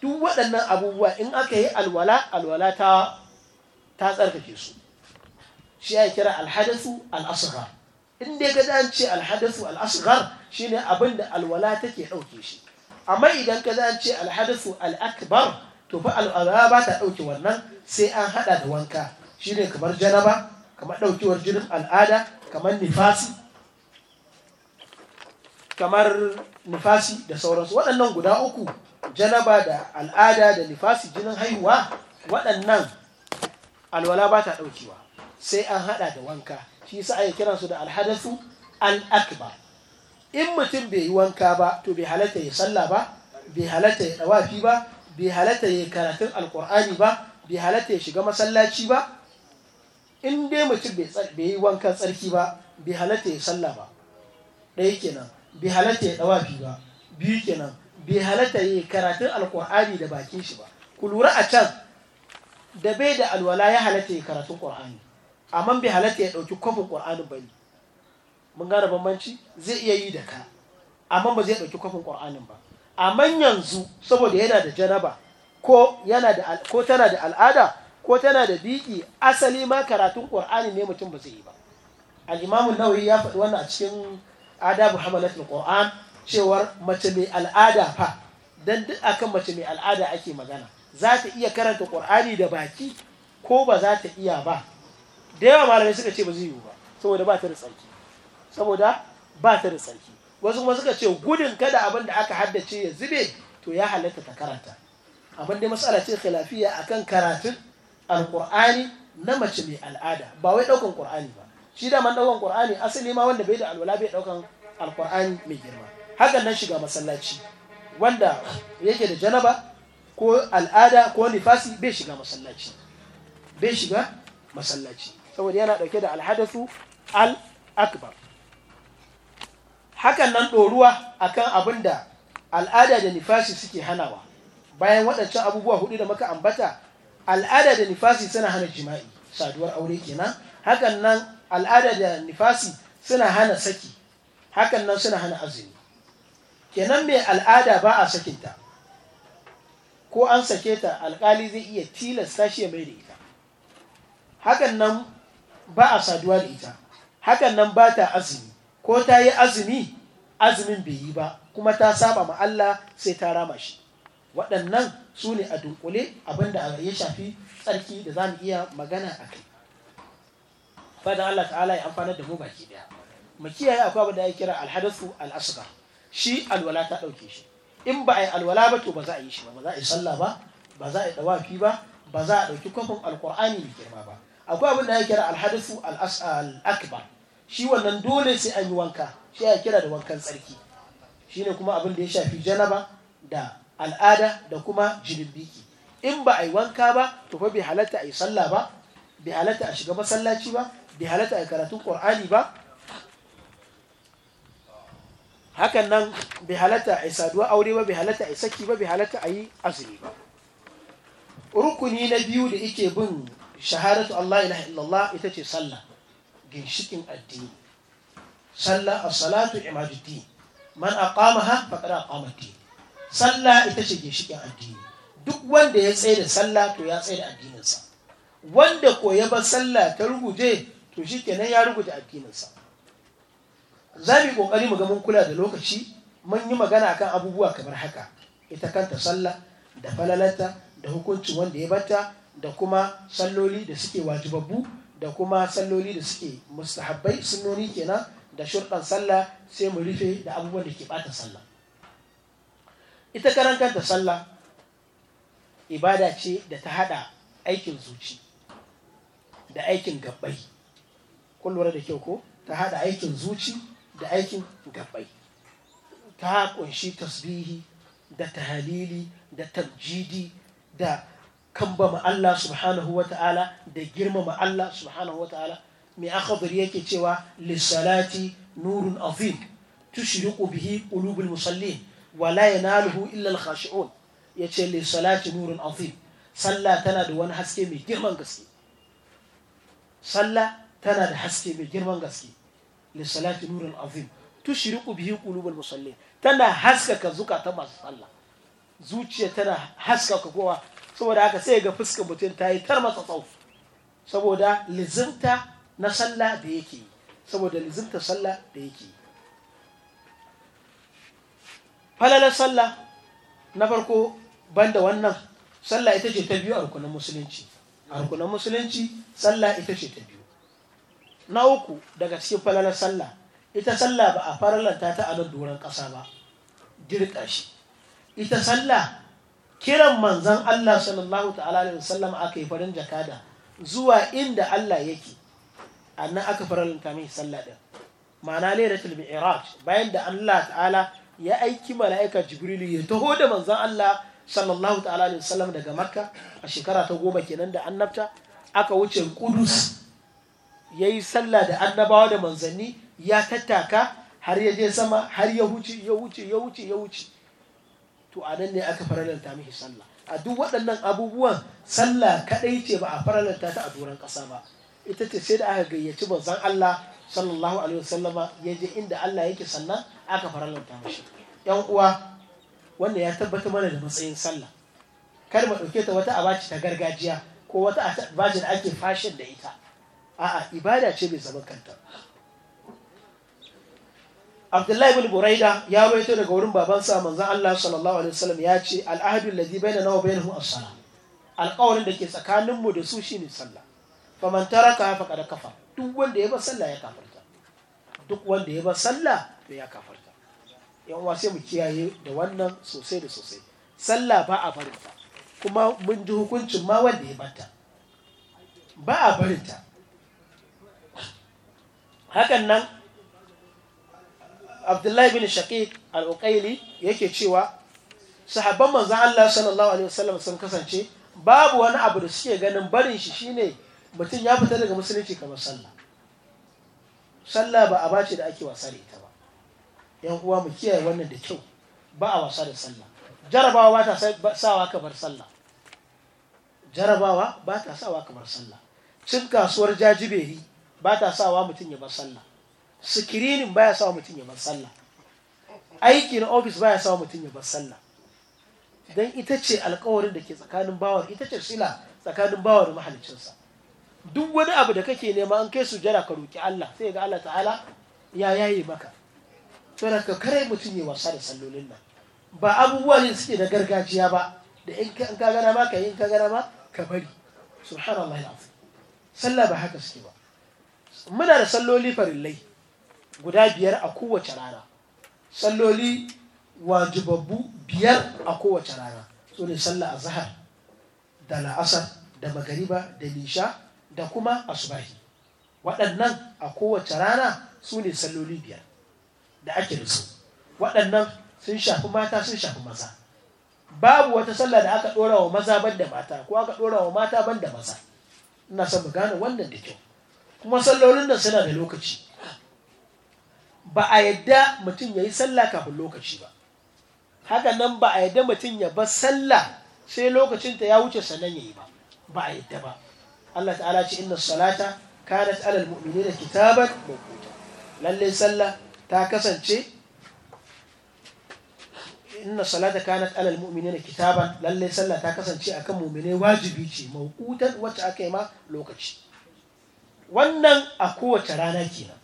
duk waɗannan abubuwa in aka yi alwala alwala ta ta tsarkake su shi ya kira alhadasu al'asra in dai ka an ce alhadasu al'asghar shine abin da alwala take ɗauke shi amma idan ka an ce alhadasu al'akbar to fa alwala ba ta ɗauke wannan sai an haɗa da wanka shine kamar janaba kamar ɗaukewar jinin al'ada kamar nifasi kamar nifasi da sauransu waɗannan guda uku janaba da al'ada da nifasi jinin haihuwa waɗannan alwala ba ta ɗaukewa sai an haɗa da wanka shi sa ake kira su da alhadasu al-akbar in mutum bai yi wanka ba to bai halatta ya sallah ba bai halatta ya dawafi ba bai halatta ya karatun alkur'ani ba bai halatta ya shiga masallaci ba in dai mutum bai yi wanka tsarki ba bai halatta ya sallah ba ɗaya kenan bai halatta ya dawafi ba biyu kenan bai halatta ya karatun alkur'ani da bakin shi ba ku lura a can da bai da alwala ya halatta ya karatun qur'ani amma bai halatta ya ɗauki kwafin ƙur'anin ba ne mun gane bambanci zai iya yi da ka amma ba zai ɗauki kwafin ƙur'anin ba amma yanzu saboda yana da janaba ko yana da ko tana da al'ada ko tana da biki asali ma karatun ƙur'ani ne mutum ba zai yi ba al nauyi ya faɗi wannan a cikin adabu hamalatul qur'an cewar mace mai al'ada fa dan duk akan mace mai al'ada ake magana za ta iya karanta ƙur'ani da baki ko ba za ta iya ba da yawa malamai suka ce ba zai yiwu ba saboda ba ta da tsarki saboda ba ta da tsarki wasu kuma suka ce gudun kada abin da aka haddace ya zube to ya halatta ta karanta abin da matsala ce khilafiya akan karatun alqur'ani na mace mai al'ada ba wai daukan qur'ani ba shi da man daukan qur'ani asali ma wanda bai da alwala bai daukan alqur'ani mai girma hakan nan shiga masallaci wanda yake da janaba ko al'ada ko nifasi bai shiga masallaci bai shiga masallaci saboda yana ɗauke da alhadasu al-akbar hakan nan ɗoruwa a kan abin da al'ada da nifasi suke hanawa bayan waɗancan abubuwa hudu da maka ambata al'ada da nifasi suna hana jima'i saduwar aure kenan hakan nan al'ada da nifasi suna hana saki hakan nan suna hana azumi kenan mai al'ada ba a sakinta ko an sake ta alkali zai iya tilasta shi ya mai da ita hakan nan ba a saduwa da ita hakan nan ba ta azumi ko ta yi azumi azumin bai yi ba kuma ta saba ma Allah sai ta rama shi waɗannan su ne a dunkule abinda ya shafi tsarki da za iya magana a kai fadan Allah ta'ala ya amfana da mu baki daya mu kiyaye akwai abin da ya kira alhadasu asghar shi alwala ta dauke shi in ba a yi alwala ba to ba za a yi shi ba ba za a yi sallah ba ba za a yi dawafi ba ba za a dauki kwafin Alqur'ani mai girma ba akwai abin da ya kira alhadisu al'akba shi wannan dole sai an yi wanka shi ya kira da wankan tsarki shi ne kuma abin da ya shafi janaba da al'ada da kuma biki in ba a yi wanka ba to fa bai halatta a yi sallah ba bai halatta a shiga masallaci ba bai halatta a yi karatun ƙur'ani ba hakan nan bai halatta a yi saduwa aure ba bai halatta a yi saki ba bai halatta a yi azumi ba rukuni na biyu da ike bin shahadatu Allah ilaha illallah ita ce sallah ginshikin addini sallah as-salatu imaduddin man aqamaha faqad aqama din sallah ita ce ginshikin addini duk wanda ya tsaye da sallah to ya tsaye da addininsa wanda ko ya bar sallah ta ruguje to shi kenan ya ruguje addininsa za mu yi ƙoƙari mu ga mun kula da lokaci mun yi magana akan abubuwa kamar haka ita kanta sallah da falalata da hukuncin wanda ya bata da kuma salloli da suke wajibabbu da kuma salloli da suke mustahabbai sunnoni kenan da shurɗan sallah sai mu rufe da abubuwan da ke ɓata sallah ita karan kanta sallah ibada ce da ta haɗa aikin zuci da aikin gabbai kun da kyau ko ta haɗa aikin zuci da aikin gabbai ta kunshi tasbihi da tahalili da tabjidi da kambama Allah subhanahu wa ta'ala da girmama Allah subhanahu wa ta'ala mai akhadar yake cewa lissalati nurun azim tushriqu bihi qulubul musallin wa la yanaluhu illa al khashi'un yace lissalati nurun azim sallah tana da wani haske mai girman gaske sallah tana da haske mai girman gaske lissalati nurun azim tushriqu bihi qulubul musallin tana haskaka zukata masu sallah zuciya tana haskaka kowa saboda haka sai ga fuskar mutum ta yi tar masa tsau saboda lizinta na sallah da yake saboda lizinta sallah da yake falalar sallah na farko banda wannan sallah ita ce ta biyu a rukunan musulunci a rukunan musulunci sallah ita ce ta biyu na uku daga cikin falalar sallah ita sallah ba a faralanta ta a nan doron ƙasa ba dirka shi ita sallah kiran manzan Allah sallallahu ta'ala alaihi wasallam aka yi farin jakada zuwa inda Allah yake annan aka faranta mai sallah din ma'ana lailatul mi'raj bayan da Allah ta'ala ya aiki mala'ika jibrilu ya taho da manzan Allah sallallahu ta'ala alaihi wasallam daga makka a shekara ta goma kenan da annabta aka wuce kudus yayi sallah da annabawa da manzanni ya tattaka har ya je sama har ya wuce ya wuce ya wuce ya wuce to a nan ne aka faralanta mishi sallah a duk waɗannan abubuwan sallah kaɗai ce ba a faralanta ta a doron ƙasa ba ita ce sai da aka gayyaci manzon Allah sallallahu alaihi wasallama ya je inda Allah yake sannan aka faralanta mishi yan uwa wanda ya tabbata mana da matsayin sallah kar mu ɗauke ta wata abaci ta gargajiya ko wata abaci da ake fashin da ita a'a ibada ce mai zaman kanta abdullahi bin buraida ya rawaito daga wurin babansa manzon Allah sallallahu alaihi wasallam ya ce al'ahdu alladhi bainana wa bainahum as-salah alƙawarin da ke tsakanin mu da su shine sallah faman taraka kada kafa duk wanda ya bar sallah ya kafarta duk wanda ya bar sallah to ya kafarta yan uwa sai mu kiyaye da wannan sosai da sosai sallah ba a barinta kuma mun ji hukuncin ma wanda ya barta ba a barinta hakan nan abdullahi bin shaqiq al uqayli yake cewa sahabban manzon Allah sallallahu alaihi wasallam sun kasance babu wani abu da suke ganin barin shi shine mutum ya fita daga musulunci kamar sallah sallah ba a bace da ake wasa da ita ba yan uwa mu kiyaye wannan da kyau ba a wasa da sallah jarabawa ba ta sawa ka bar sallah jarabawa ba ta sawa ka bar sallah cin kasuwar jajibehi ba ta sawa mutum ya bar sallah sikirinin baya sa mutum ya bar sallah aiki na ofis baya sa mutum ya bar sallah dan ita ce alkawarin da ke tsakanin bawar ita ce sila tsakanin bawar mahalicinsa duk wani abu da kake nema an kai sujada ka roki Allah sai ga Allah ta'ala ya yaye maka to da ka kare mutum ya wasa da sallolin nan ba abubuwa ne suke na gargajiya ba da in ka gana ma ka in ka gana ma ka bari subhanallahi alazim sallah ba haka suke ba muna da salloli farillai guda biyar a kowace rana salloli wajibabbu biyar a kowace rana su ne sallah zahar da la'asar da magariba da nisha da kuma asubahi waɗannan a kowace rana su ne salloli biyar da ake da waɗannan sun shafi mata sun shafi maza babu wata sallah da aka ɗora wa maza ban da mata ko aka ɗora wa mata ban da maza ina son mu gane wannan da kyau kuma sallolin nan suna da lokaci ba a yadda mutum ya yi sallah kafin lokaci ba haka nan ba a yadda mutum ya bar sallah sai lokacin ta ya wuce sannan ya yi ba ba a yadda ba Allah ta'ala ce inna salata kanat alal da kitaban mawquta lallai sallah ta kasance inna salata kanat alal da kitaban lalle sallah ta kasance akan mu'mini wajibi ce mawqutan wacce aka yi ma lokaci wannan a kowace rana kenan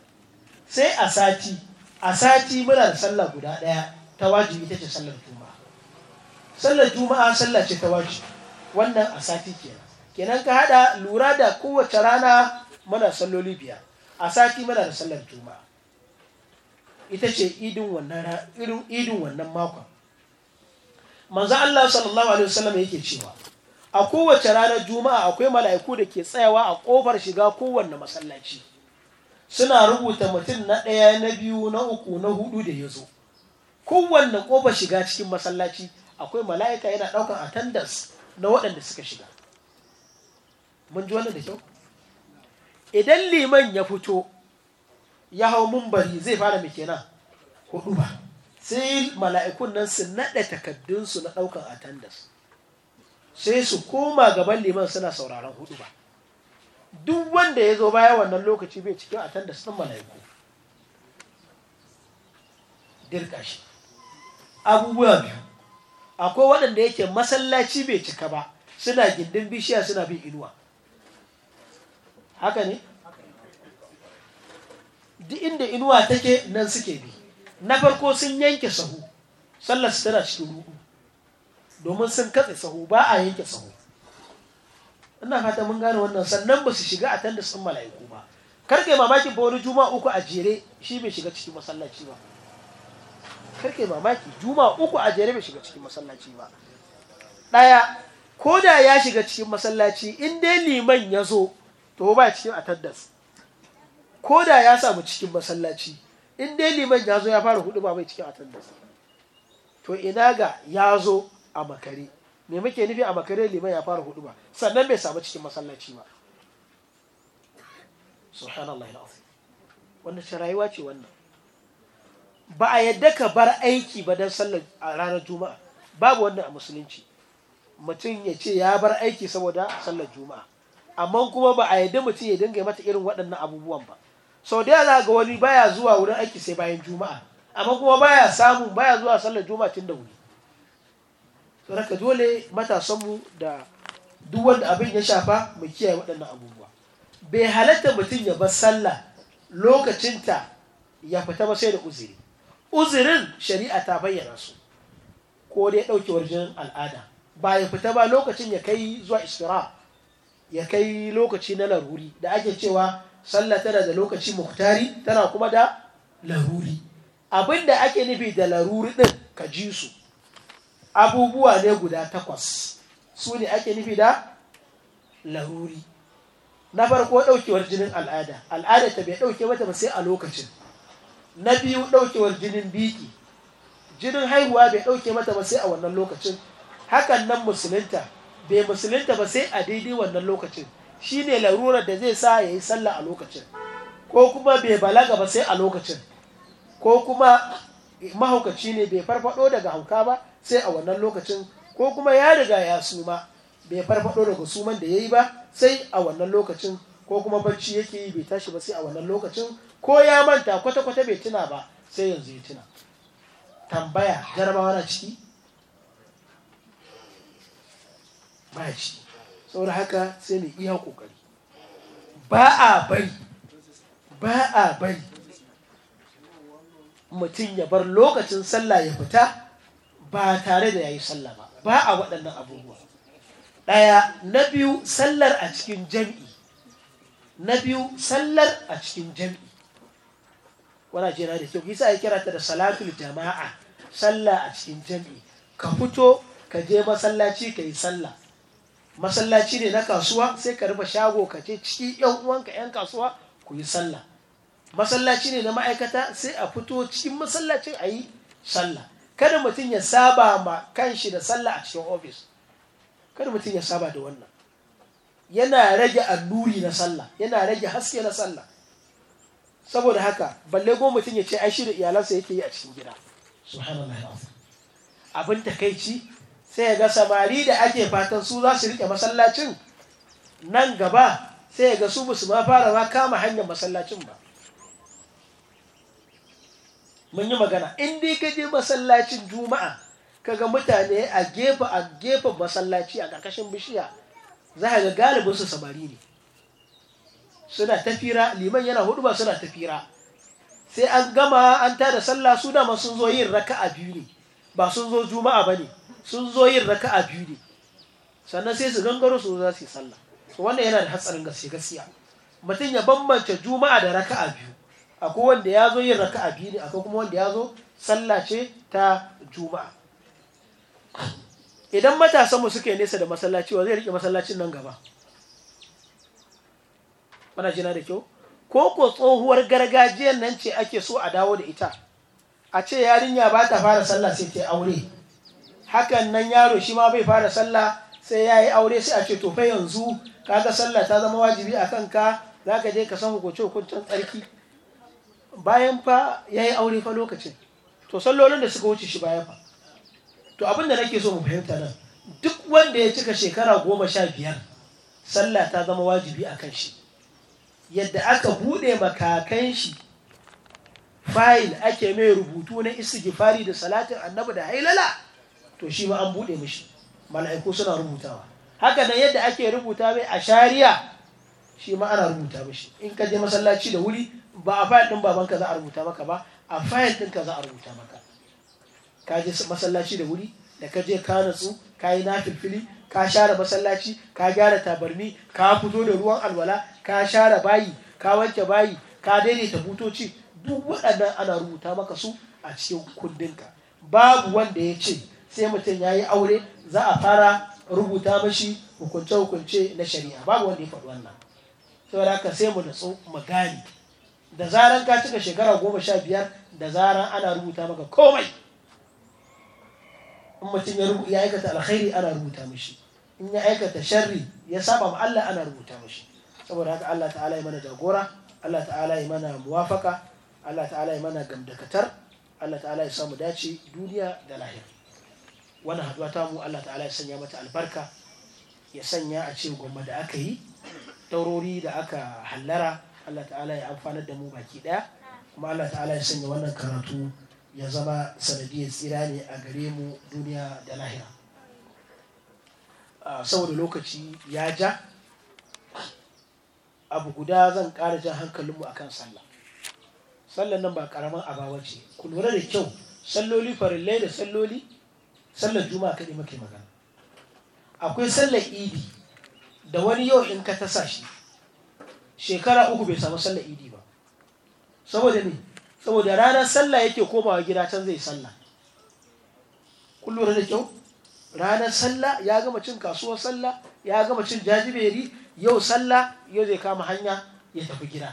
sai a sati a sati muna da sallah guda ɗaya ta wajibi ita ce sallar juma'a sallar juma'a sallah ce ta wajibi wannan a sati kenan kenan ka hada lura da kowace rana muna salloli biyar a sati muna da sallar juma'a ita ce idin wannan irin idin wannan makon manzo Allah sallallahu alaihi wasallam yake cewa a kowace ranar juma'a akwai mala'iku da ke tsayawa a kofar shiga kowanne masallaci suna rubuta mutum na ɗaya na biyu na uku na hudu da ya zo kowanne ƙofa shiga cikin masallaci akwai mala'ika yana ɗaukan attendance na waɗanda suka shiga mun ji wannan da kyau idan liman ya fito ya hau mumbari zai fara mai kenan hudu ba sai mala'ikun nan su naɗa takaddunsu na ɗaukan attendance sai su koma gaban liman suna sauraron hudu ba duk wanda ya zo baya wannan lokaci bai cikin a da sun mala'iku dirka shi abubuwa biyu akwai waɗanda yake masallaci bai cika ba suna gindin bishiya suna bin inuwa haka ne duk inda inuwa take nan suke bi na farko sun yanke sahu sallar su tana cikin ruɗu domin sun katse sahu ba a yanke sahu ina fata mun gane wannan sannan ba su shiga a tanda sun mala'iku ba kar kai mamaki ba wani juma uku a jere shi bai shiga cikin masallaci ba kar kai mamaki juma uku a jere bai shiga cikin masallaci ba ɗaya ko da ya shiga cikin masallaci in dai liman ya zo to ba cikin attendance ko da ya samu cikin masallaci in dai liman ya zo ya fara hudu ba bai cikin attendance to ina ga ya zo a makare me muke nufi a makare liman ya fara hudu ba sannan bai samu cikin masallaci ba subhanallahi alazim wannan ce rayuwa ce wannan ba a yadda ka bar aiki ba don sallar a ranar juma'a babu wannan a musulunci mutum ya ce ya bar aiki saboda sallar juma'a amma kuma ba a yadda mutum ya dinga mata irin waɗannan abubuwan ba sau da yana ga wani baya zuwa wurin aiki sai bayan juma'a amma kuma baya samu baya zuwa sallar juma'a tun da wuri to haka dole matasanmu da duk wanda abin ya shafa mu kiyaye waɗannan abubuwa bai halatta mutum ya bar sallah lokacinta ya fita ba sai da uzuri uzurin shari'a ta bayyana su ko dai ɗaukewar jinin al'ada ba ya fita ba lokacin ya kai zuwa istira ya kai lokaci na laruri da ake cewa sallah tana da lokaci muktari tana kuma da laruri abin da ake nufi da laruri ɗin ka ji su abubuwa ne guda takwas su ne ake nufi da laruri na farko ɗaukewar jinin al'ada al'ada ta bai ɗauke mata ba sai a lokacin na biyu ɗaukewar jinin biki jinin haihuwa bai ɗauke mata ba sai a wannan lokacin hakan nan musulunta bai musulunta ba sai a daidai wannan lokacin shi ne larurar da zai sa ya yi sallah a lokacin ko kuma bai balaga ba sai a lokacin ko kuma mahaukaci ne bai farfado daga hauka ba sai a wannan lokacin ko kuma ya riga ya suma bai farfado daga suman da ya yi ba sai a wannan lokacin ko kuma bacci yake yi bai tashi ba sai a wannan lokacin ko ya manta kwata-kwata bai tuna ba sai yanzu ya tuna tambaya jarabawa na ciki ba ciki saboda haka sai mai iya kokari ba a bai. ba a bai. mutum ya bar lokacin sallah ya fita ba tare da ya yi sallah ba ba a waɗannan abubuwa ɗaya na biyu sallar a cikin jam'i na biyu sallar a cikin jam'i wana na da kyau kisa ya kira ta da salatul jama'a sallah a cikin jam'i ka fito ka je masallaci ka yi sallah masallaci ne na kasuwa sai ka rufe shago ka ce ciki yan uwanka yan kasuwa ku yi sallah masallaci ne na ma'aikata sai a fito cikin masallacin a yi sallah kada mutum ya saba ma kanshi da sallah a cikin ofis kada mutum ya saba da wannan yana rage alluri na sallah yana rage haske na sallah saboda haka balle goma mutum ya ce ai shi da iyalansa yake yi a cikin gida abin takaici sai ya ga samari da ake fatan su za su rike masallacin nan gaba sai ya ga su ba su ma fara ma kama hanyar masallacin ba mun yi magana in dai ka je masallacin juma'a kaga mutane a gefe a gefen masallaci a ƙarƙashin bishiya za ka ga galibin su samari ne suna tafira liman yana hudu ba suna tafira sai an gama an tada sallah su dama sun zo yin raka'a biyu ne ba sun zo juma'a ba ne sun zo yin raka'a biyu ne sannan sai su gangaro su za su yi sallah wannan yana da hatsarin gaske gaskiya mutum ya bambance juma'a da raka'a biyu akwai wanda ya zo yin raka biyu ne akwai kuma wanda ya zo sallah ce ta juma'a idan matasanmu suke nesa da masallaci wa zai rike masallacin nan gaba mana jina da kyau ko ko tsohuwar gargajiyar nan ce ake so a dawo da ita a ce yarinya ba ta fara sallah sai ta aure hakan nan yaro shi ma bai fara sallah sai ya yi aure sai a ce to fa yanzu kaga sallah ta zama wajibi a kanka za ka je ka san hukuncin tsarki bayan fa ya yi aure fa lokacin to sallolin da suka wuce shi baya fa to abin da nake so mu fahimta nan duk wanda ya cika shekara goma sha biyar sallah ta zama wajibi a kan shi yadda aka buɗe makakan shi fayil ake mai rubutu na istighfari da salatin annabi da hailala to shi ma an buɗe mishi mala'iku suna rubutawa haka nan yadda ake rubuta mai a shari'a shi ma ana rubuta mishi in ka je masallaci da wuri ba a fayil ɗin babanka za a rubuta maka ba a fayil ka za a rubuta maka ka je masallaci da wuri da ka je ka natsu ka yi na filfili ka share masallaci ka gyara tabarmi ka fito da ruwan alwala ka share bayi ka wanke bayi ka daidaita butoci duk waɗannan ana rubuta maka su a cikin kundinka babu wanda ya ce sai mutum ya yi aure za a fara rubuta mashi hukunce-hukunce na shari'a babu wanda ya faɗi wannan saboda haka sai mu natsu mu gane da zaran ka cika shekara goma sha biyar da zaran ana rubuta maka komai in mutum ya aikata alkhairi ana rubuta mashi in ya aikata sharri ya saba ma Allah ana rubuta mashi saboda haka Allah ta'ala ya mana jagora Allah ta'ala ya mana muwafaka Allah ta'ala ya mana gamdakatar Allah ta'ala ya samu dace duniya da lahira wannan haduwa ta mu Allah ta'ala ya sanya mata albarka ya sanya a ce gwamma da aka yi taurori da aka hallara Allah ta'ala ya amfanar da mu baki daya kuma Allah ta'ala ya sanya wannan karatu ya zama sanadiyar tsira ne a gare mu duniya da lahira ah, saboda lokaci ya ja abu guda zan ƙara jan hankalin mu akan sallah sallan nan ba karaman abawa ce ku lura da kyau salloli farillai da salloli sallar juma'a kaɗai muke magana akwai sallar idi da wani yau in ka tasa shi shekara uku bai samu sallar idi ba saboda ne saboda ranar sallah yake komawa gida can zai sallah kun lura da kyau ranar sallah ya gama cin kasuwar sallah ya gama cin jajiberi yau sallah yau zai kama hanya ya tafi gida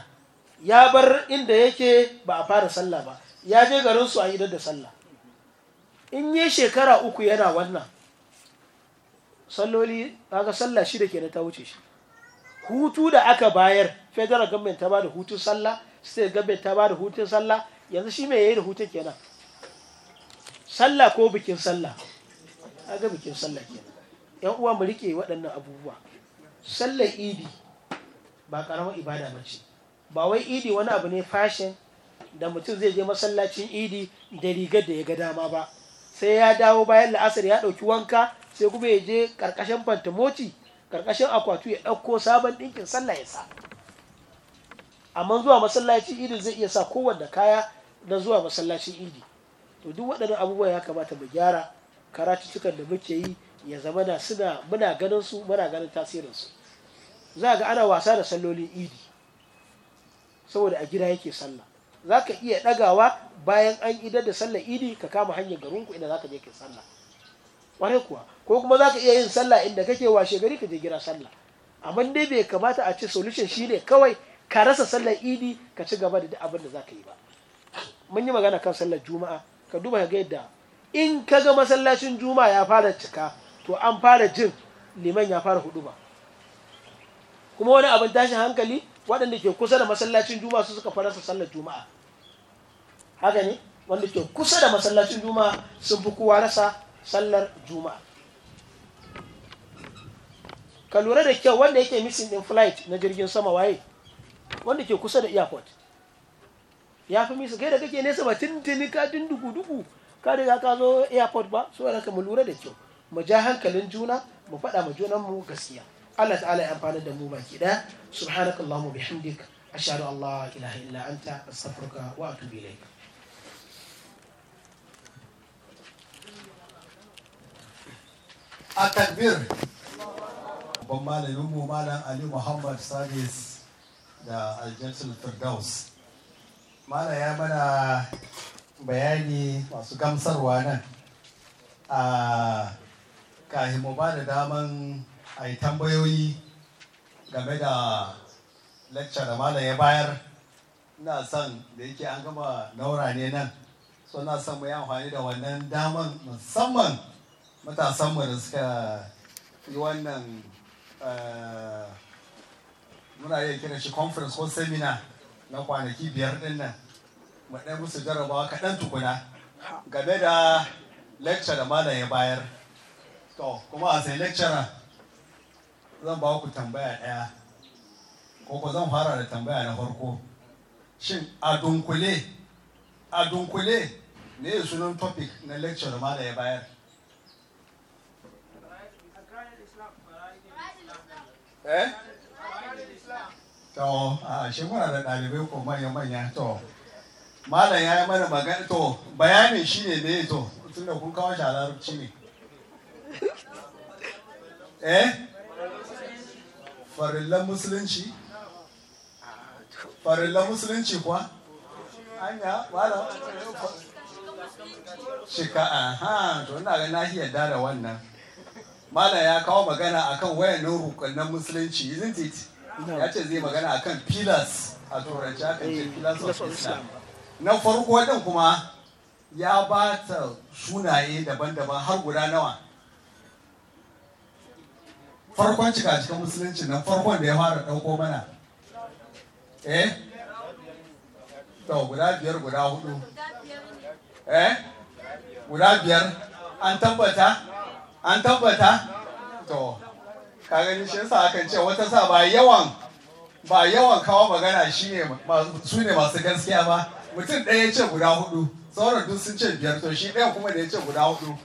ya bar inda yake ba a fara sallah ba ya je garin su a yi da sallah in yi shekara uku yana wannan salloli kaga sallah shida kenan ta wuce shi hutu da aka bayar federal government ta ba da hutun sallah state government ta ba da hutun sallah yanzu shi mai yayi da hutun kenan sallah ko bikin sallah ga bikin sallah kenan yan uwa mu rike waɗannan abubuwa sallar idi ba karamar ibada ba ce ba wai idi wani abu ne fashin da mutum zai je masallacin idi da rigar da ya ga dama ba sai ya dawo bayan la'asar ya ɗauki wanka sai kuma ya je ƙarƙashin fantamoci karkashin akwatu ya ɗauko sabon ɗinkin sallah ya sa amma zuwa masallaci idi zai iya sa kowanne kaya na zuwa masallacin idi to duk waɗannan abubuwa ya kamata mu gyara karatutukan da muke yi ya zama na suna muna ganin su muna ganin tasirin su za ga ana wasa da sallolin idi saboda a gida yake sallah za ka iya ɗagawa bayan an idar da sallar idi ka kama hanyar ku inda za ka je ke sallah ƙwarai kuwa ko kuma za ka iya yin sallah inda kake washe gari ka je gira sallah amma dai bai kamata a ce solution shine kawai ka rasa sallar idi ka ci gaba da abin da za ka yi ba mun yi magana kan sallar juma'a ka duba ga yadda in ka ga masallacin juma'a ya fara cika to an fara jin liman ya fara hudu ba kuma wani abin tashin hankali waɗanda ke kusa da masallacin juma'a su suka fara sallar juma'a haka ne wanda ke kusa da masallacin juma'a sun fi kowa rasa sallar juma'a ka lura da kyau wanda yake missing din flight na jirgin sama waye wanda ke kusa da airport ya fi misa kai da kake nesa ba tintini ka dindugu dugu ka riga ka zo airport ba so ka mu lura da kyau mu ja hankalin juna mu faɗa ma junan mu gaskiya Allah ta'ala ya amfana da mu baki ɗaya subhanakallahumma bihamdika ashhadu an la ilaha illa anta astaghfiruka wa atubu A التكبير babban malamin mu malam ali muhammad sabis da aljantin firdaus mala ya mana bayani masu gamsarwa nan a kahin mu ba da daman a yi tambayoyi game da lecture da malam ya bayar ina son da yake an gama naura ne nan so na son mu yi amfani da wannan daman musamman matasanmu da suka yi wannan Eh, muna iya kiran shi conference ko seminar na kwanaki biyar din nan mu ɗan musu jarabawa kaɗan tukuna game da lecture da malam ya bayar to kuma a sai lecturer zan ba ku tambaya ɗaya ko ko zan fara da tambaya na farko shin a dunkule a dunkule ne sunan topic na lecture da malam ya bayar eh to a shi kuna da ɗalibai ko manya manya to malam ya yi mana magana to bayanin shi ne ne to tunda kun kawo shi a larabci ne eh farillan musulunci farillan musulunci kuwa anya malam shika aha to ina ga na yarda da wannan mala ya kawo magana akan wayannan rukunan musulunci isn't it ya ce zai magana akan pillars a turanci akan ce eh, pillars of islam na farko wajen kuma ya ba ta sunaye daban-daban har guda nawa farkon cika cikin musulunci na farkon da ya fara ɗauko mana eh to guda biyar guda hudu eh guda biyar an tabbata an tabbata to ka gani shi yasa akan ce wata sa ba yawan ba yawan kawo magana ne su ne masu gaskiya ba mutum ɗaya ya ce guda hudu sauran duk sun ce biyar to shi ɗaya kuma da ya ce guda hudu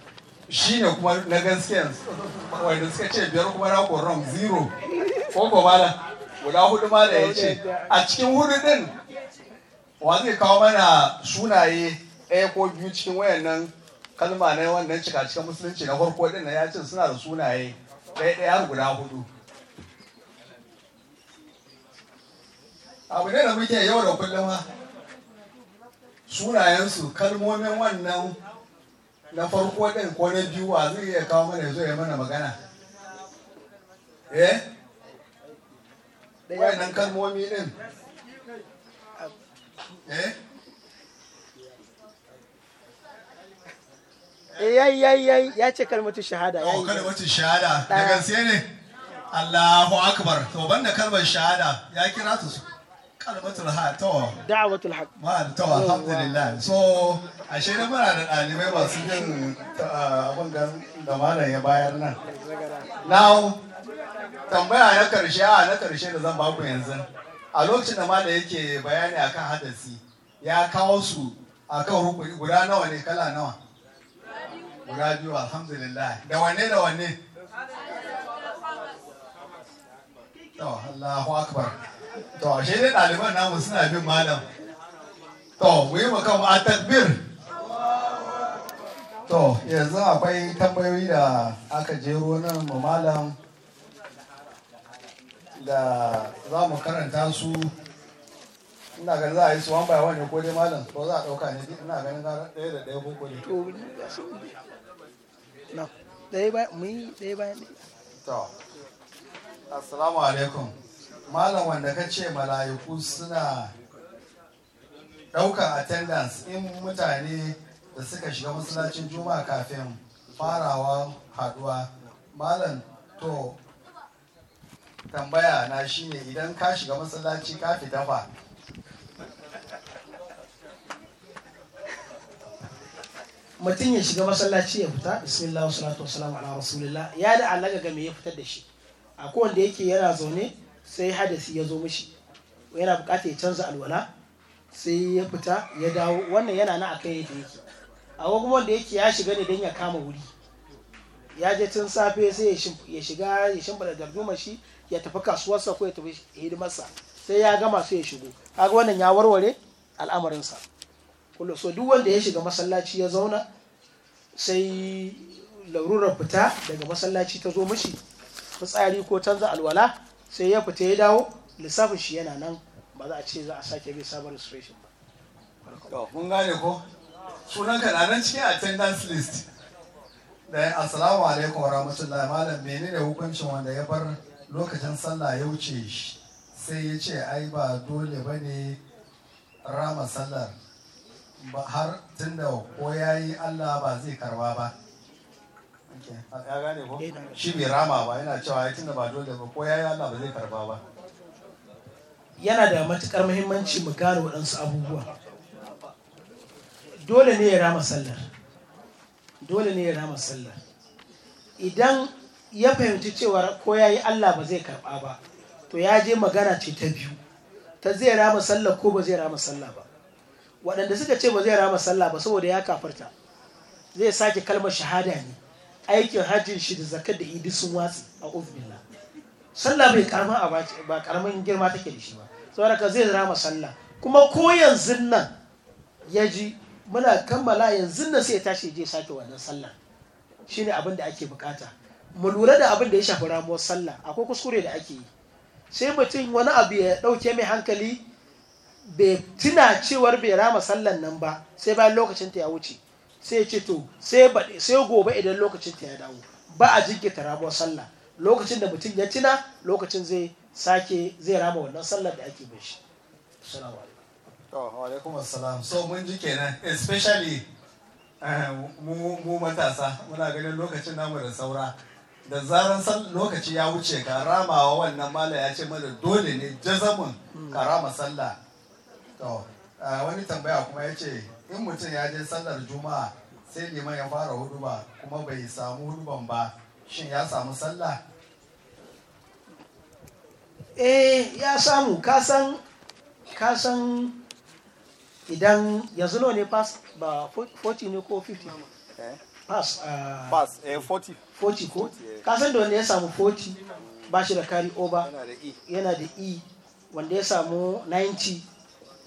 shi ne kuma na gaskiya wanda suka ce biyar kuma na koron zero ko ko mala guda hudu mala ya ce a cikin hudu din wa zai kawo mana sunaye ɗaya ko biyu cikin wayannan kalma ne wannan cika cikin musulunci na farko din ya ce suna da sunaye ɗaya ɗaya guda hudu abu ne da muke yau da kullum ha sunayensu kalmomin wannan na farko din ko na biyu wa zai iya kawo mana zo ya mana magana eh wannan kalmomi din eh Eh, yayi yayi yayi ya ce kalmatu shahada oh, yayi kalmatu shahada da gaske ne Allahu akbar to banda kalmar shahada ya kira su kalmatul haq to da'watul haq ma to alhamdulillah so ashe da muna da dalibai su jin ah, abin da malam ya bayar nan now tambaya na karshe a na karshe da zan baku yanzu a lokacin da malam yake bayani akan hadasi ya kawo su akan hukumi guda nawa ne kala nawa guda biyu alhamdulillah da wanne da wanne to Allahu akbar to shi dai ɗaliban namu suna bin malam to mu yi a takbir to yanzu akwai tambayoyi da aka jero nan ma malam da za mu karanta su ina ganin za a yi su one by one ne ko dai malam ko za a ɗauka ne ina ganin ɗaya da ɗaya ko ko ne na ɗaya mu yi ɗaya to assalamu alaikum malam wanda ka ce mala'iku suna ɗaukar attendance in mutane da suka shiga masallacin juma'a kafin farawa haɗuwa malam to tambaya na shine idan ka shiga masallaci ka fita fa mutum ya shiga masallaci ya fita bismillah salatu wassalamu ala rasulillah ya da alaka ga me ya fitar da shi a wanda yake yana zaune sai hadisi ya zo mishi yana bukata ya canza alwala sai ya fita ya dawo wannan yana na akan yadda yake a kuma wanda yake ya shiga ne don ya kama wuri ya je tun safe sai ya shiga ya da garduma shi ya tafi kasuwarsa ko ya tafi hidimarsa sai ya gama sai ya shigo kaga wannan ya warware al'amarinsa kullum so duk wanda ya shiga masallaci ya zauna sai larurar fita daga masallaci ta zo mashi fitsari ko canza alwala sai ya fita ya dawo lissafin shi yana nan ba za a ce za a sake bai sabon registration ba kun gane ko sunan ka nan cikin attendance list da assalamu alaikum wa rahmatullahi malam menene hukuncin wanda ya bar lokacin sallah ya wuce shi sai ya ce ai ba dole ba ne rama sallar ba har tunda ko ya yi Allah ba zai karba ba ya gane ko eh, shi bai rama ba yana cewa ya tunda ba dole ba ko ya yi Allah ba zai karba ba yana da matukar muhimmanci mu gane waɗansu abubuwa dole ne ya rama sallar dole ne ya rama sallar idan ya fahimci cewa ko ya yi Allah ba zai karɓa ba to ya je magana ce ta biyu ta zai rama sallah ko ba zai rama sallah ba waɗanda suka ce ba zai rama sallah ba saboda ya kafarta zai sake kalmar shahada ne aikin hajjin shi da zakat da idi sun watsi a ubillah sallah bai karama a ba karamin girma take da shi ba saboda ka zai rama sallah kuma ko yanzu nan ya ji muna kammala yanzu nan sai ya tashi je sake wannan sallah shine abin da ake bukata mu lura da abin da ya shafi ramuwar sallah akwai kuskure da ake yi sai mutum wani abu ya ɗauke mai hankali bai tuna cewar bai rama sallan nan ba sai bayan lokacin ta ya wuce sai ya ce to sai sai gobe idan lokacin ta ya dawo ba a jinkirta rabuwar sallah lokacin da mutum ya tuna lokacin zai sake zai rama wannan sallar da ake bin shi assalamu alaikum assalam so mun ji kenan especially eh, mu matasa muna ganin lokacin namu da saura da zaran lokaci ya wuce ka ramawa wannan mala ya ce mana dole ne jazamun ka rama sallah to wani tambaya kuma ya ce in mutum ya je sallar juma'a sai liman ya fara huduba kuma bai samu huduban ba shin ya samu sallah eh ya samu kasan kasan idan ya zuno ne pass ba 40 ne ko 50 eh. pass ah. pass eh 40 40 ko eh. kasan da wanda ya samu 40 ba shi da carry over yana da e, e. wanda ya samu 90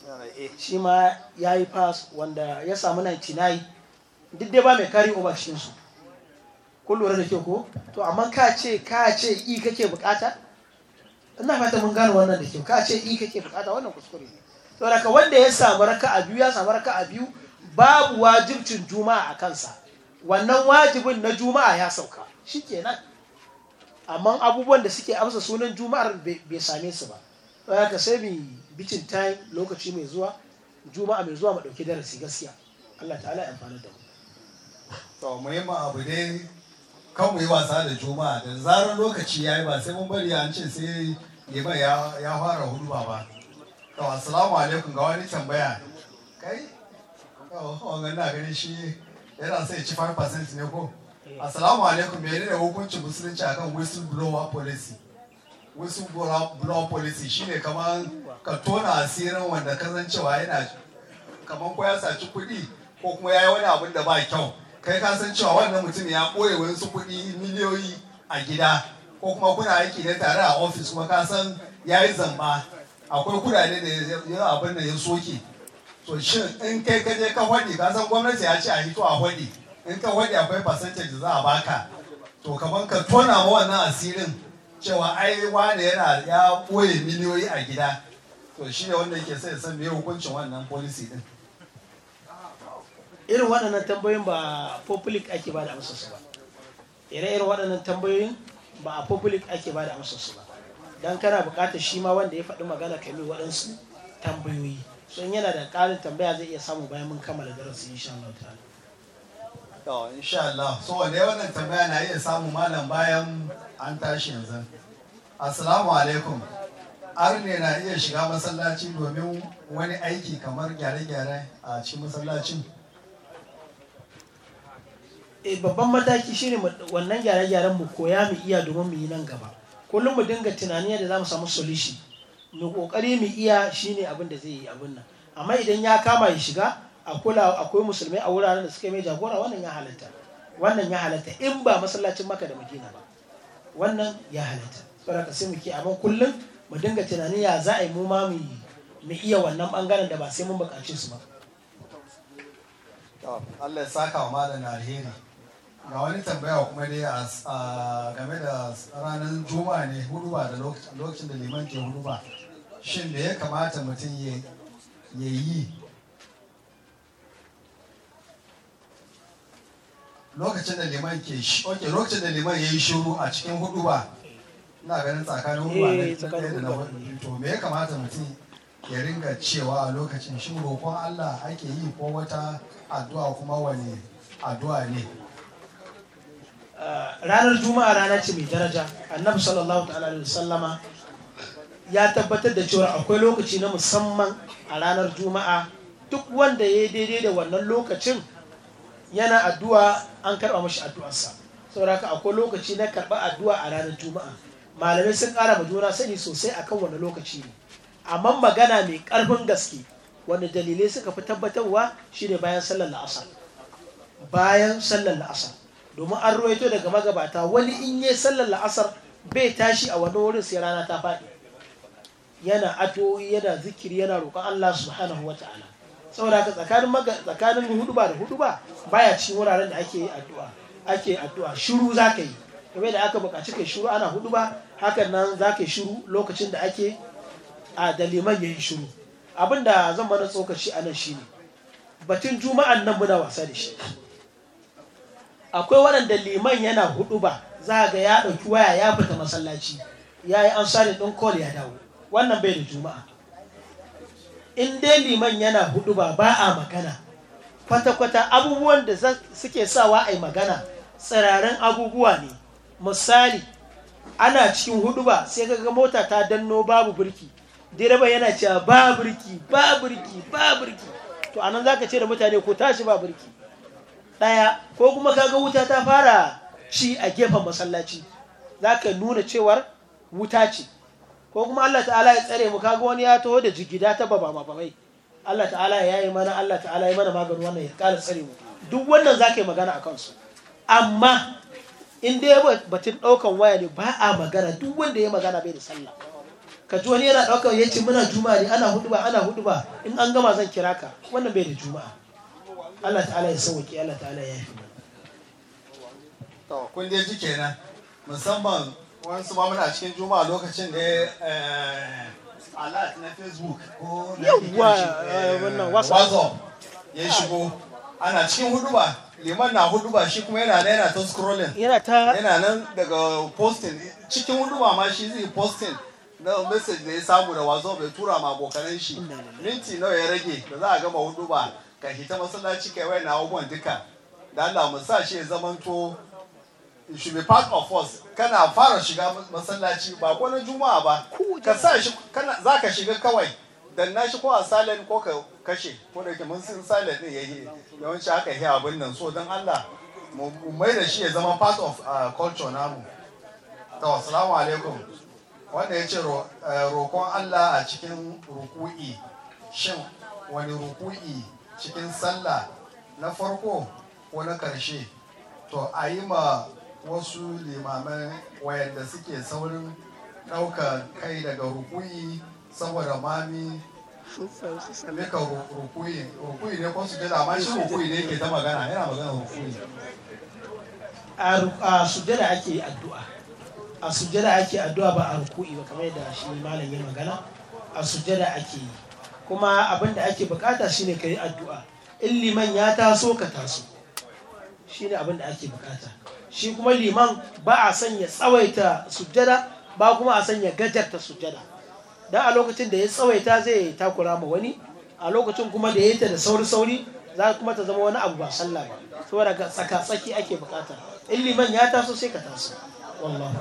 Eh. shi ma ya yi fas wanda ya samu 99 duk dai ba mai kari over shi su kun lura da ke ko to amma ka ce ka ce i e kake bukata ina fata mun gano wannan da ke ka ce i e kake bukata wannan kuskure ne saboda ka wanda ya samu raka a biyu ya samu raka a biyu babu wajibcin juma'a a kansa wannan wajibin na juma'a ya sauka shikenan amma abubuwan da suke amsa sunan juma'ar bai same su ba saboda ka sai mu bitin time lokaci mai zuwa juma'a mai zuwa mu dauki darasi gaskiya Allah ta'ala ya amfana da mu to muhimmin abu ne kan mu yi wasa da juma'a da zarar lokaci yayi ba sai mun bari an ce sai yaba ya ya fara huduba ba to assalamu alaikum ga wani tambaya kai to wannan na ganin shi yana sai ci 5% ne ko eh. assalamu alaikum menene hukuncin musulunci akan whistleblower policy Blower policy shine kamar ka tona asirin wanda ka san cewa yana kamar ko ya saci kuɗi ko kuma ya yi wani abin da ba kyau kai ka san cewa wannan mutum ya ɓoye wasu kuɗi miliyoyi a gida ko kuma kuna aiki ne tare a ofis kuma ka san ya yi zamba akwai kuɗaɗe da ya abin da ya soke to shin in kai ka je ka faɗi ka san gwamnati ya ce a hito a faɗi in ka faɗi akwai percentage da za a baka to kamar ka tona ma wannan asirin cewa ai wane yana ya ɓoye miliyoyi a gida to shi ne wanda yake sai san me hukuncin wannan policy din irin waɗannan tambayoyin ba public ake ba da amsarsu ba ire irin waɗannan tambayoyin ba a public ake ba da amsarsu ba dan kana buƙatar shi ma wanda ya faɗi magana kai mai waɗansu tambayoyi so in yana da ƙarin tambaya zai iya samu bayan mun kammala darasi insha Allah ta'ala to insha Allah so wanda wannan tambaya na iya samu malam bayan an tashi yanzu assalamu alaikum arne na iya shiga masallaci domin wani aiki kamar gyare-gyare a cikin masallacin eh, babban mataki shine wannan gyare-gyaren mu koya mu iya domin mu yi nan gaba kullum mu dinga tunani yadda za mu samu solution mu kokari mu iya shine abin da zai yi abin nan amma idan ya kama ya shiga akwai musulmai a wuraren da suka mai jagora wannan ya halatta wannan ya halatta in ba masallacin maka da madina ba wannan ya halatta saboda ka sai mu ke abin kullum mu dinga tunanin ya za a yi mu ma mu iya wannan bangaren da ba sai mun bukace su ba Allah ya saka wa malam alheri ga wani tambaya kuma dai a game da ranar juma'a ne huduba da lokacin da liman ke huduba shin da ya kamata mutum ya yi lokacin da liman ke shi lokacin da liman ya yi shiru a cikin huduba ina ganin tsakanin hudu eh, ne da to me ya kamata mutum ya ringa cewa a lokacin shin roƙon Allah ake yi ko wata addu'a kuma wani addu'a ne ah, ranar juma'a rana ce mai daraja annabi sallallahu alaihi wasallama ya tabbatar da cewa akwai lokaci na musamman a ranar juma'a duk wanda ya daidai da wannan lokacin yana addu'a an karɓa mashi addu'arsa saboda haka akwai lokaci na karɓa addu'a a ranar juma'a malamai sun ƙara ma juna sani sosai a kan wani lokaci ne amma magana mai ƙarfin gaske wanda dalilai suka fi tabbatarwa shine bayan sallar la'asar bayan sallar la'asar domin an ruwaito daga magabata wani in yi sallar la'asar bai tashi a wani wurin sai rana ta faɗi yana ato yana zikiri yana roƙon Allah subhanahu wa ta'ala saboda haka tsakanin tsakanin huduba da huduba baya cikin wuraren da ake yi addu'a ake addu'a shiru zaka yi kamar da aka buƙaci kai shiru ana huduba hakan nan za ka yi shiru lokacin da ake a daliman ya yi shiru abin da zan mana tsokaci a nan shi ne batun juma'an nan muna wasa da shi akwai waɗanda liman yana hudu ba za ga ya ɗauki waya ya fita masallaci ya yi ansari ɗin kol ya dawo wannan bai da juma'a in dai liman yana hudu ba ba a magana kwata-kwata abubuwan da suke sawa a yi magana tsirarin abubuwa ne misali ana cikin hudu ba sai kaga mota ta danno babu birki direba yana cewa ba birki ba birki ba birki to anan zaka ce da mutane ko tashi ba birki daya ko kuma kaga wuta ta fara ci a gefen masallaci zaka nuna cewar wuta ce ko kuma Allah ta'ala ya tsare mu kaga wani ya taho da jigida ta baba babai? Allah ta'ala ya yi mana Allah ta'ala ya yi mana maganin wannan ya kara tsare mu duk wannan zaka yi magana a kansu amma in dai batun ɗaukan waya ne ba a magana duk wanda ya magana bai da sallah ka ji wani yana daukan ya ce muna juma'a ne ana hudu ba ana hudu ba in an gama zan kira ka wannan bai da juma'a Allah ta'ala ya sauke Allah ta'ala ya yi to kun dai ji kenan musamman su ma muna cikin juma'a lokacin da eh, alat na facebook ko na eh, eh, wannan whatsapp ya shigo ana cikin hudu ba liman na hudu ba shi kuma yana yana ta scrolling yana ta yana nan daga posting cikin hudu ma shi zai posting na message da ya samu da wazo bai tura ma abokanan shi minti nawa ya rage da za a gama hudu ba ka hita masallaci kai wai na abubuwan duka da Allah mu sa shi ya zamanto it should be part of us kana fara shiga masallaci ba ko juma'a ba ka sa shi kana zaka shiga kawai dan na shi ko a salad ko ka kashe ko da mun sun silent ne yayi yawanci aka yi abin nan so don Allah mu mai da shi ya zama part of uh, culture namu to assalamu alaikum wanda ya ce uh, roƙon Allah a cikin ruku'i shin wani ruku'i cikin sallah na farko ko na karshe to a yi ma wasu limaman wayanda suke saurin ɗaukar kai daga ruku'i saboda mami mika rukuyi rukuyi ne kun su amma shi rukuyi ne ke ta magana yana magana rukuyi a Sujada ake addu'a a Sujada ake addu'a ba a rukuyi ba kamar yadda shi malam ya magana a Sujada ake yi kuma abin da ake bukata shine ka yi addu'a in liman ya taso ka taso shine abin da ake bukata shi kuma liman ba a sanya tsawaita Sujada ba kuma a sanya gajarta Sujada. Da a lokacin da ya tsawaita zai takura ma wani a lokacin kuma da ya ta da sauri sauri za kuma ta zama wani abu ba sallah ba saboda ga tsaka tsaki ake bukata in liman ya taso sai ka taso wallahu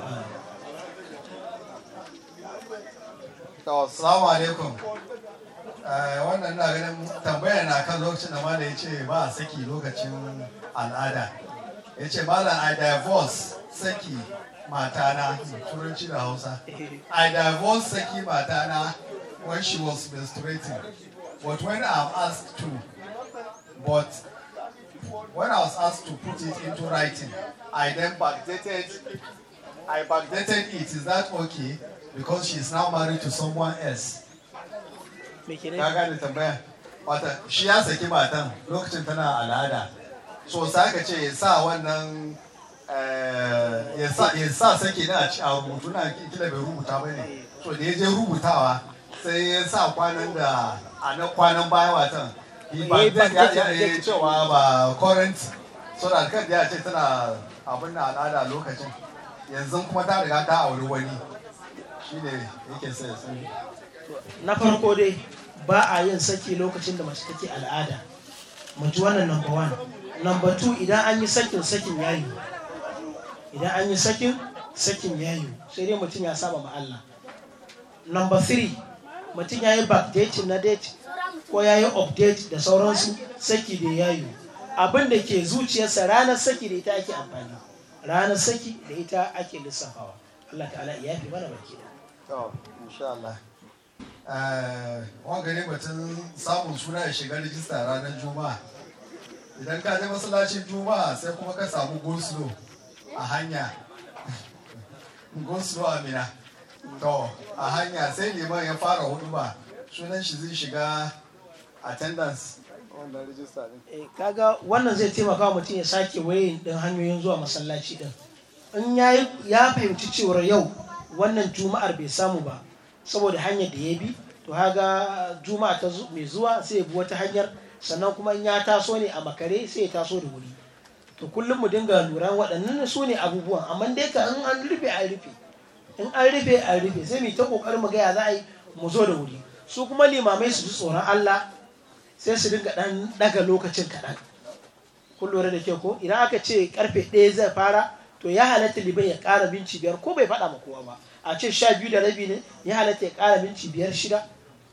assalamu alaikum eh, wannan na ganin tambaya na kan lokacin da malam ya ba a saki lokacin al'ada yace ce malam a divorce saki matana turanci da hausa i divorced saki matana when she was menstruating but when i'm asked to but when i was asked to put it into writing i then backdated i backdated it is that okay because she is now married to someone else But uh, she has mata shi ya saki matan lokacin tana al'ada so sai ka ce sa Eh, ya sa sake na a rubutu na kila bai rubuta ba ne to da ya je rubutawa sai ya sa kwanan da a na kwanan baya watan eh, ya yi cewa ba current so da kan ya ce tana abin da al'ada lokacin yanzu kuma ta riga ta auri wani shine yake sai ya sani na farko dai ba a yin saki lokacin da mace take al'ada mu ji wannan number one number two idan an yi sakin sakin yayi idan an yi sakin sakin ya yi sai dai mutum ya saba ma Allah number three mutum ya yi backdate na date ko ya yi update da sauransu saki da ya yi abin ke zuciyarsa ranar saki da ita ake amfani ranar saki da ita ake lissafawa Allah ta'ala ya fi mana baki da to insha eh, ne batun samun suna ya shiga rijista ranar juma'a idan ka je masallacin juma'a sai kuma ka samu goslo a hanya gunsu amina to a hanya sai liman ya fara hudu ba sunan shi zai shiga attendance eh, kaga wannan zai taimaka mutum ya sake wayin din hanyoyin zuwa masallaci din in ya fahimci cewar yau wannan juma'ar bai samu ba saboda hanyar da ya bi to haga juma'a ta mai zuwa sai ya bi wata hanyar sannan kuma in ya taso ne a makare sai ya taso da wuri to kullum mu dinga lura waɗannan su ne abubuwan amma dai ka in an rufe a rufe in an rufe a rufe sai mu ta kokarin mu ga ya za a yi mu zo da wuri su kuma limamai su ji tsoron Allah sai su dinga dan daga lokacin kaɗan kun lura da kyau ko idan aka ce karfe ɗaya zai fara to ya halatta liban ya ƙara binci biyar ko bai faɗa ma kowa ba a ce sha biyu da rabi ne ya halatta ya ƙara binci biyar shida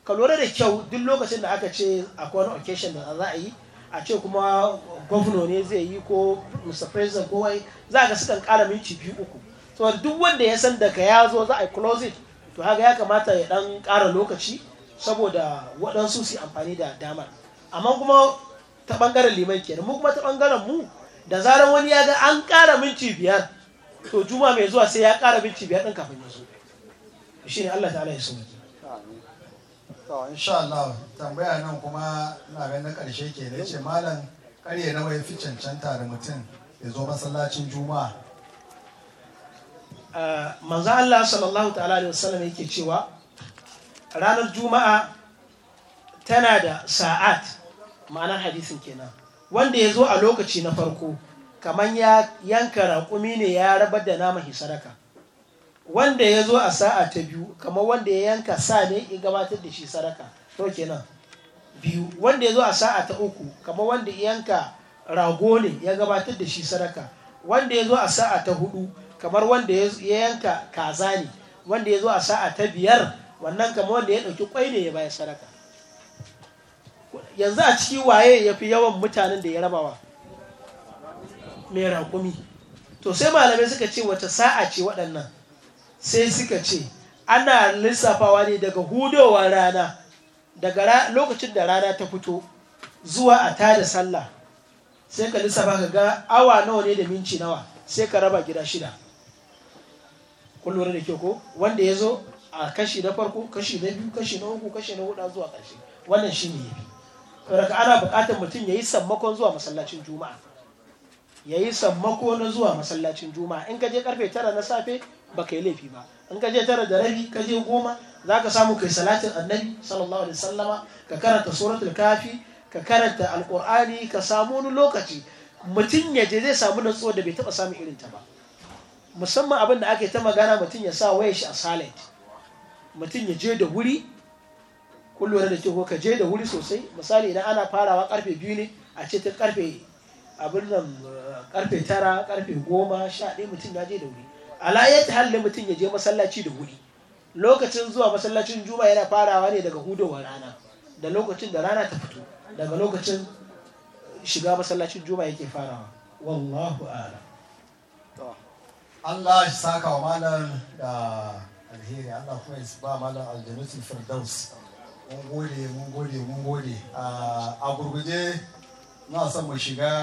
ka lura da kyau duk lokacin da aka ce akwai wani occasion da za a yi a ce kuma gwamna ne zai yi ko mr president ko wai za ga sukan kara minci biyu uku so duk wanda ya san daga ya zo za a yi it to haka ya kamata ya dan kara lokaci saboda waɗansu su amfani da damar amma kuma ta ɓangaren liman kenan mu kuma ta ɓangaren mu da zarar wani ya ga an kara minci biyar to juma mai zuwa sai ya kara minci biyar din kafin ya zo shine Allah ta'ala ya so to insha Allah tambaya nan kuma ina na karshe ke ne ce malam karye na wai fi cancanta da mutum ya zo masallacin juma'a eh, manzo Allah sallallahu ta'ala alaihi wasallam yake cewa ranar juma'a tana da sa'at ma'anar hadisin kenan wanda ya zo a lokaci na farko kamar ya yanka raƙumi ne ya rabar da nama sadaka wanda ya zo a sa'a ta biyu kamar wanda ya yanka sa ne ya gabatar da shi sadaka to kenan biyu wanda ya zo a sa'a ta uku kamar wanda ya yanka rago ne ya gabatar da shi sadaka wanda ya zo a sa'a ta hudu kamar wanda ya yanka kaza ne wanda ya zo a sa'a ta biyar wannan kamar wanda ya ɗauki kwai ne ya bayar sadaka yanzu a ciki waye ya fi yawan mutanen da ya rabawa mai raƙumi to sai malamai suka ce wata sa'a ce waɗannan sai suka ce ana lissafawa ne daga hudowar rana daga lokacin da rana ta fito zuwa a tada sallah sai ka lissafa ka ga awa nawa ne da minci nawa sai ka raba gida shida kun da ke ko wanda ya zo a kashi na farko kashi na biyu kashi na uku kashi na hudu zuwa ƙarshe wannan shi ne fi ka ana buƙatar mutum ya yi sammakon zuwa masallacin juma'a ya yi sammako na zuwa masallacin juma'a in ka je karfe tara na safe ba ka yi laifi ba in ka je tara da rabi ka je goma za ka samu kai salatin annabi sallallahu alaihi sallama ka karanta suratul kafi ka karanta alqur'ani ka samu wani lokaci mutum ya je zai samu natsuwa da bai taba samun irin ta ba musamman abin da ake ta magana mutum ya sa waya shi a salat mutum ya je da wuri kun da ke ko ka je da wuri sosai misali idan ana farawa karfe biyu ne a ce ta karfe abin nan karfe tara karfe goma sha ɗaya mutum ya je da wuri ala yadda halin mutum ya je masallaci da wuri lokacin zuwa masallacin juma yana farawa ne daga hudowar rana da lokacin da rana ta fito daga lokacin shiga masallacin juma yake farawa wallahu ala Allah shi saka wa malam da alheri Allah kuma ya ba malam aljannatul firdaus mun gode mun gode mun gode a gurguje na son mu shiga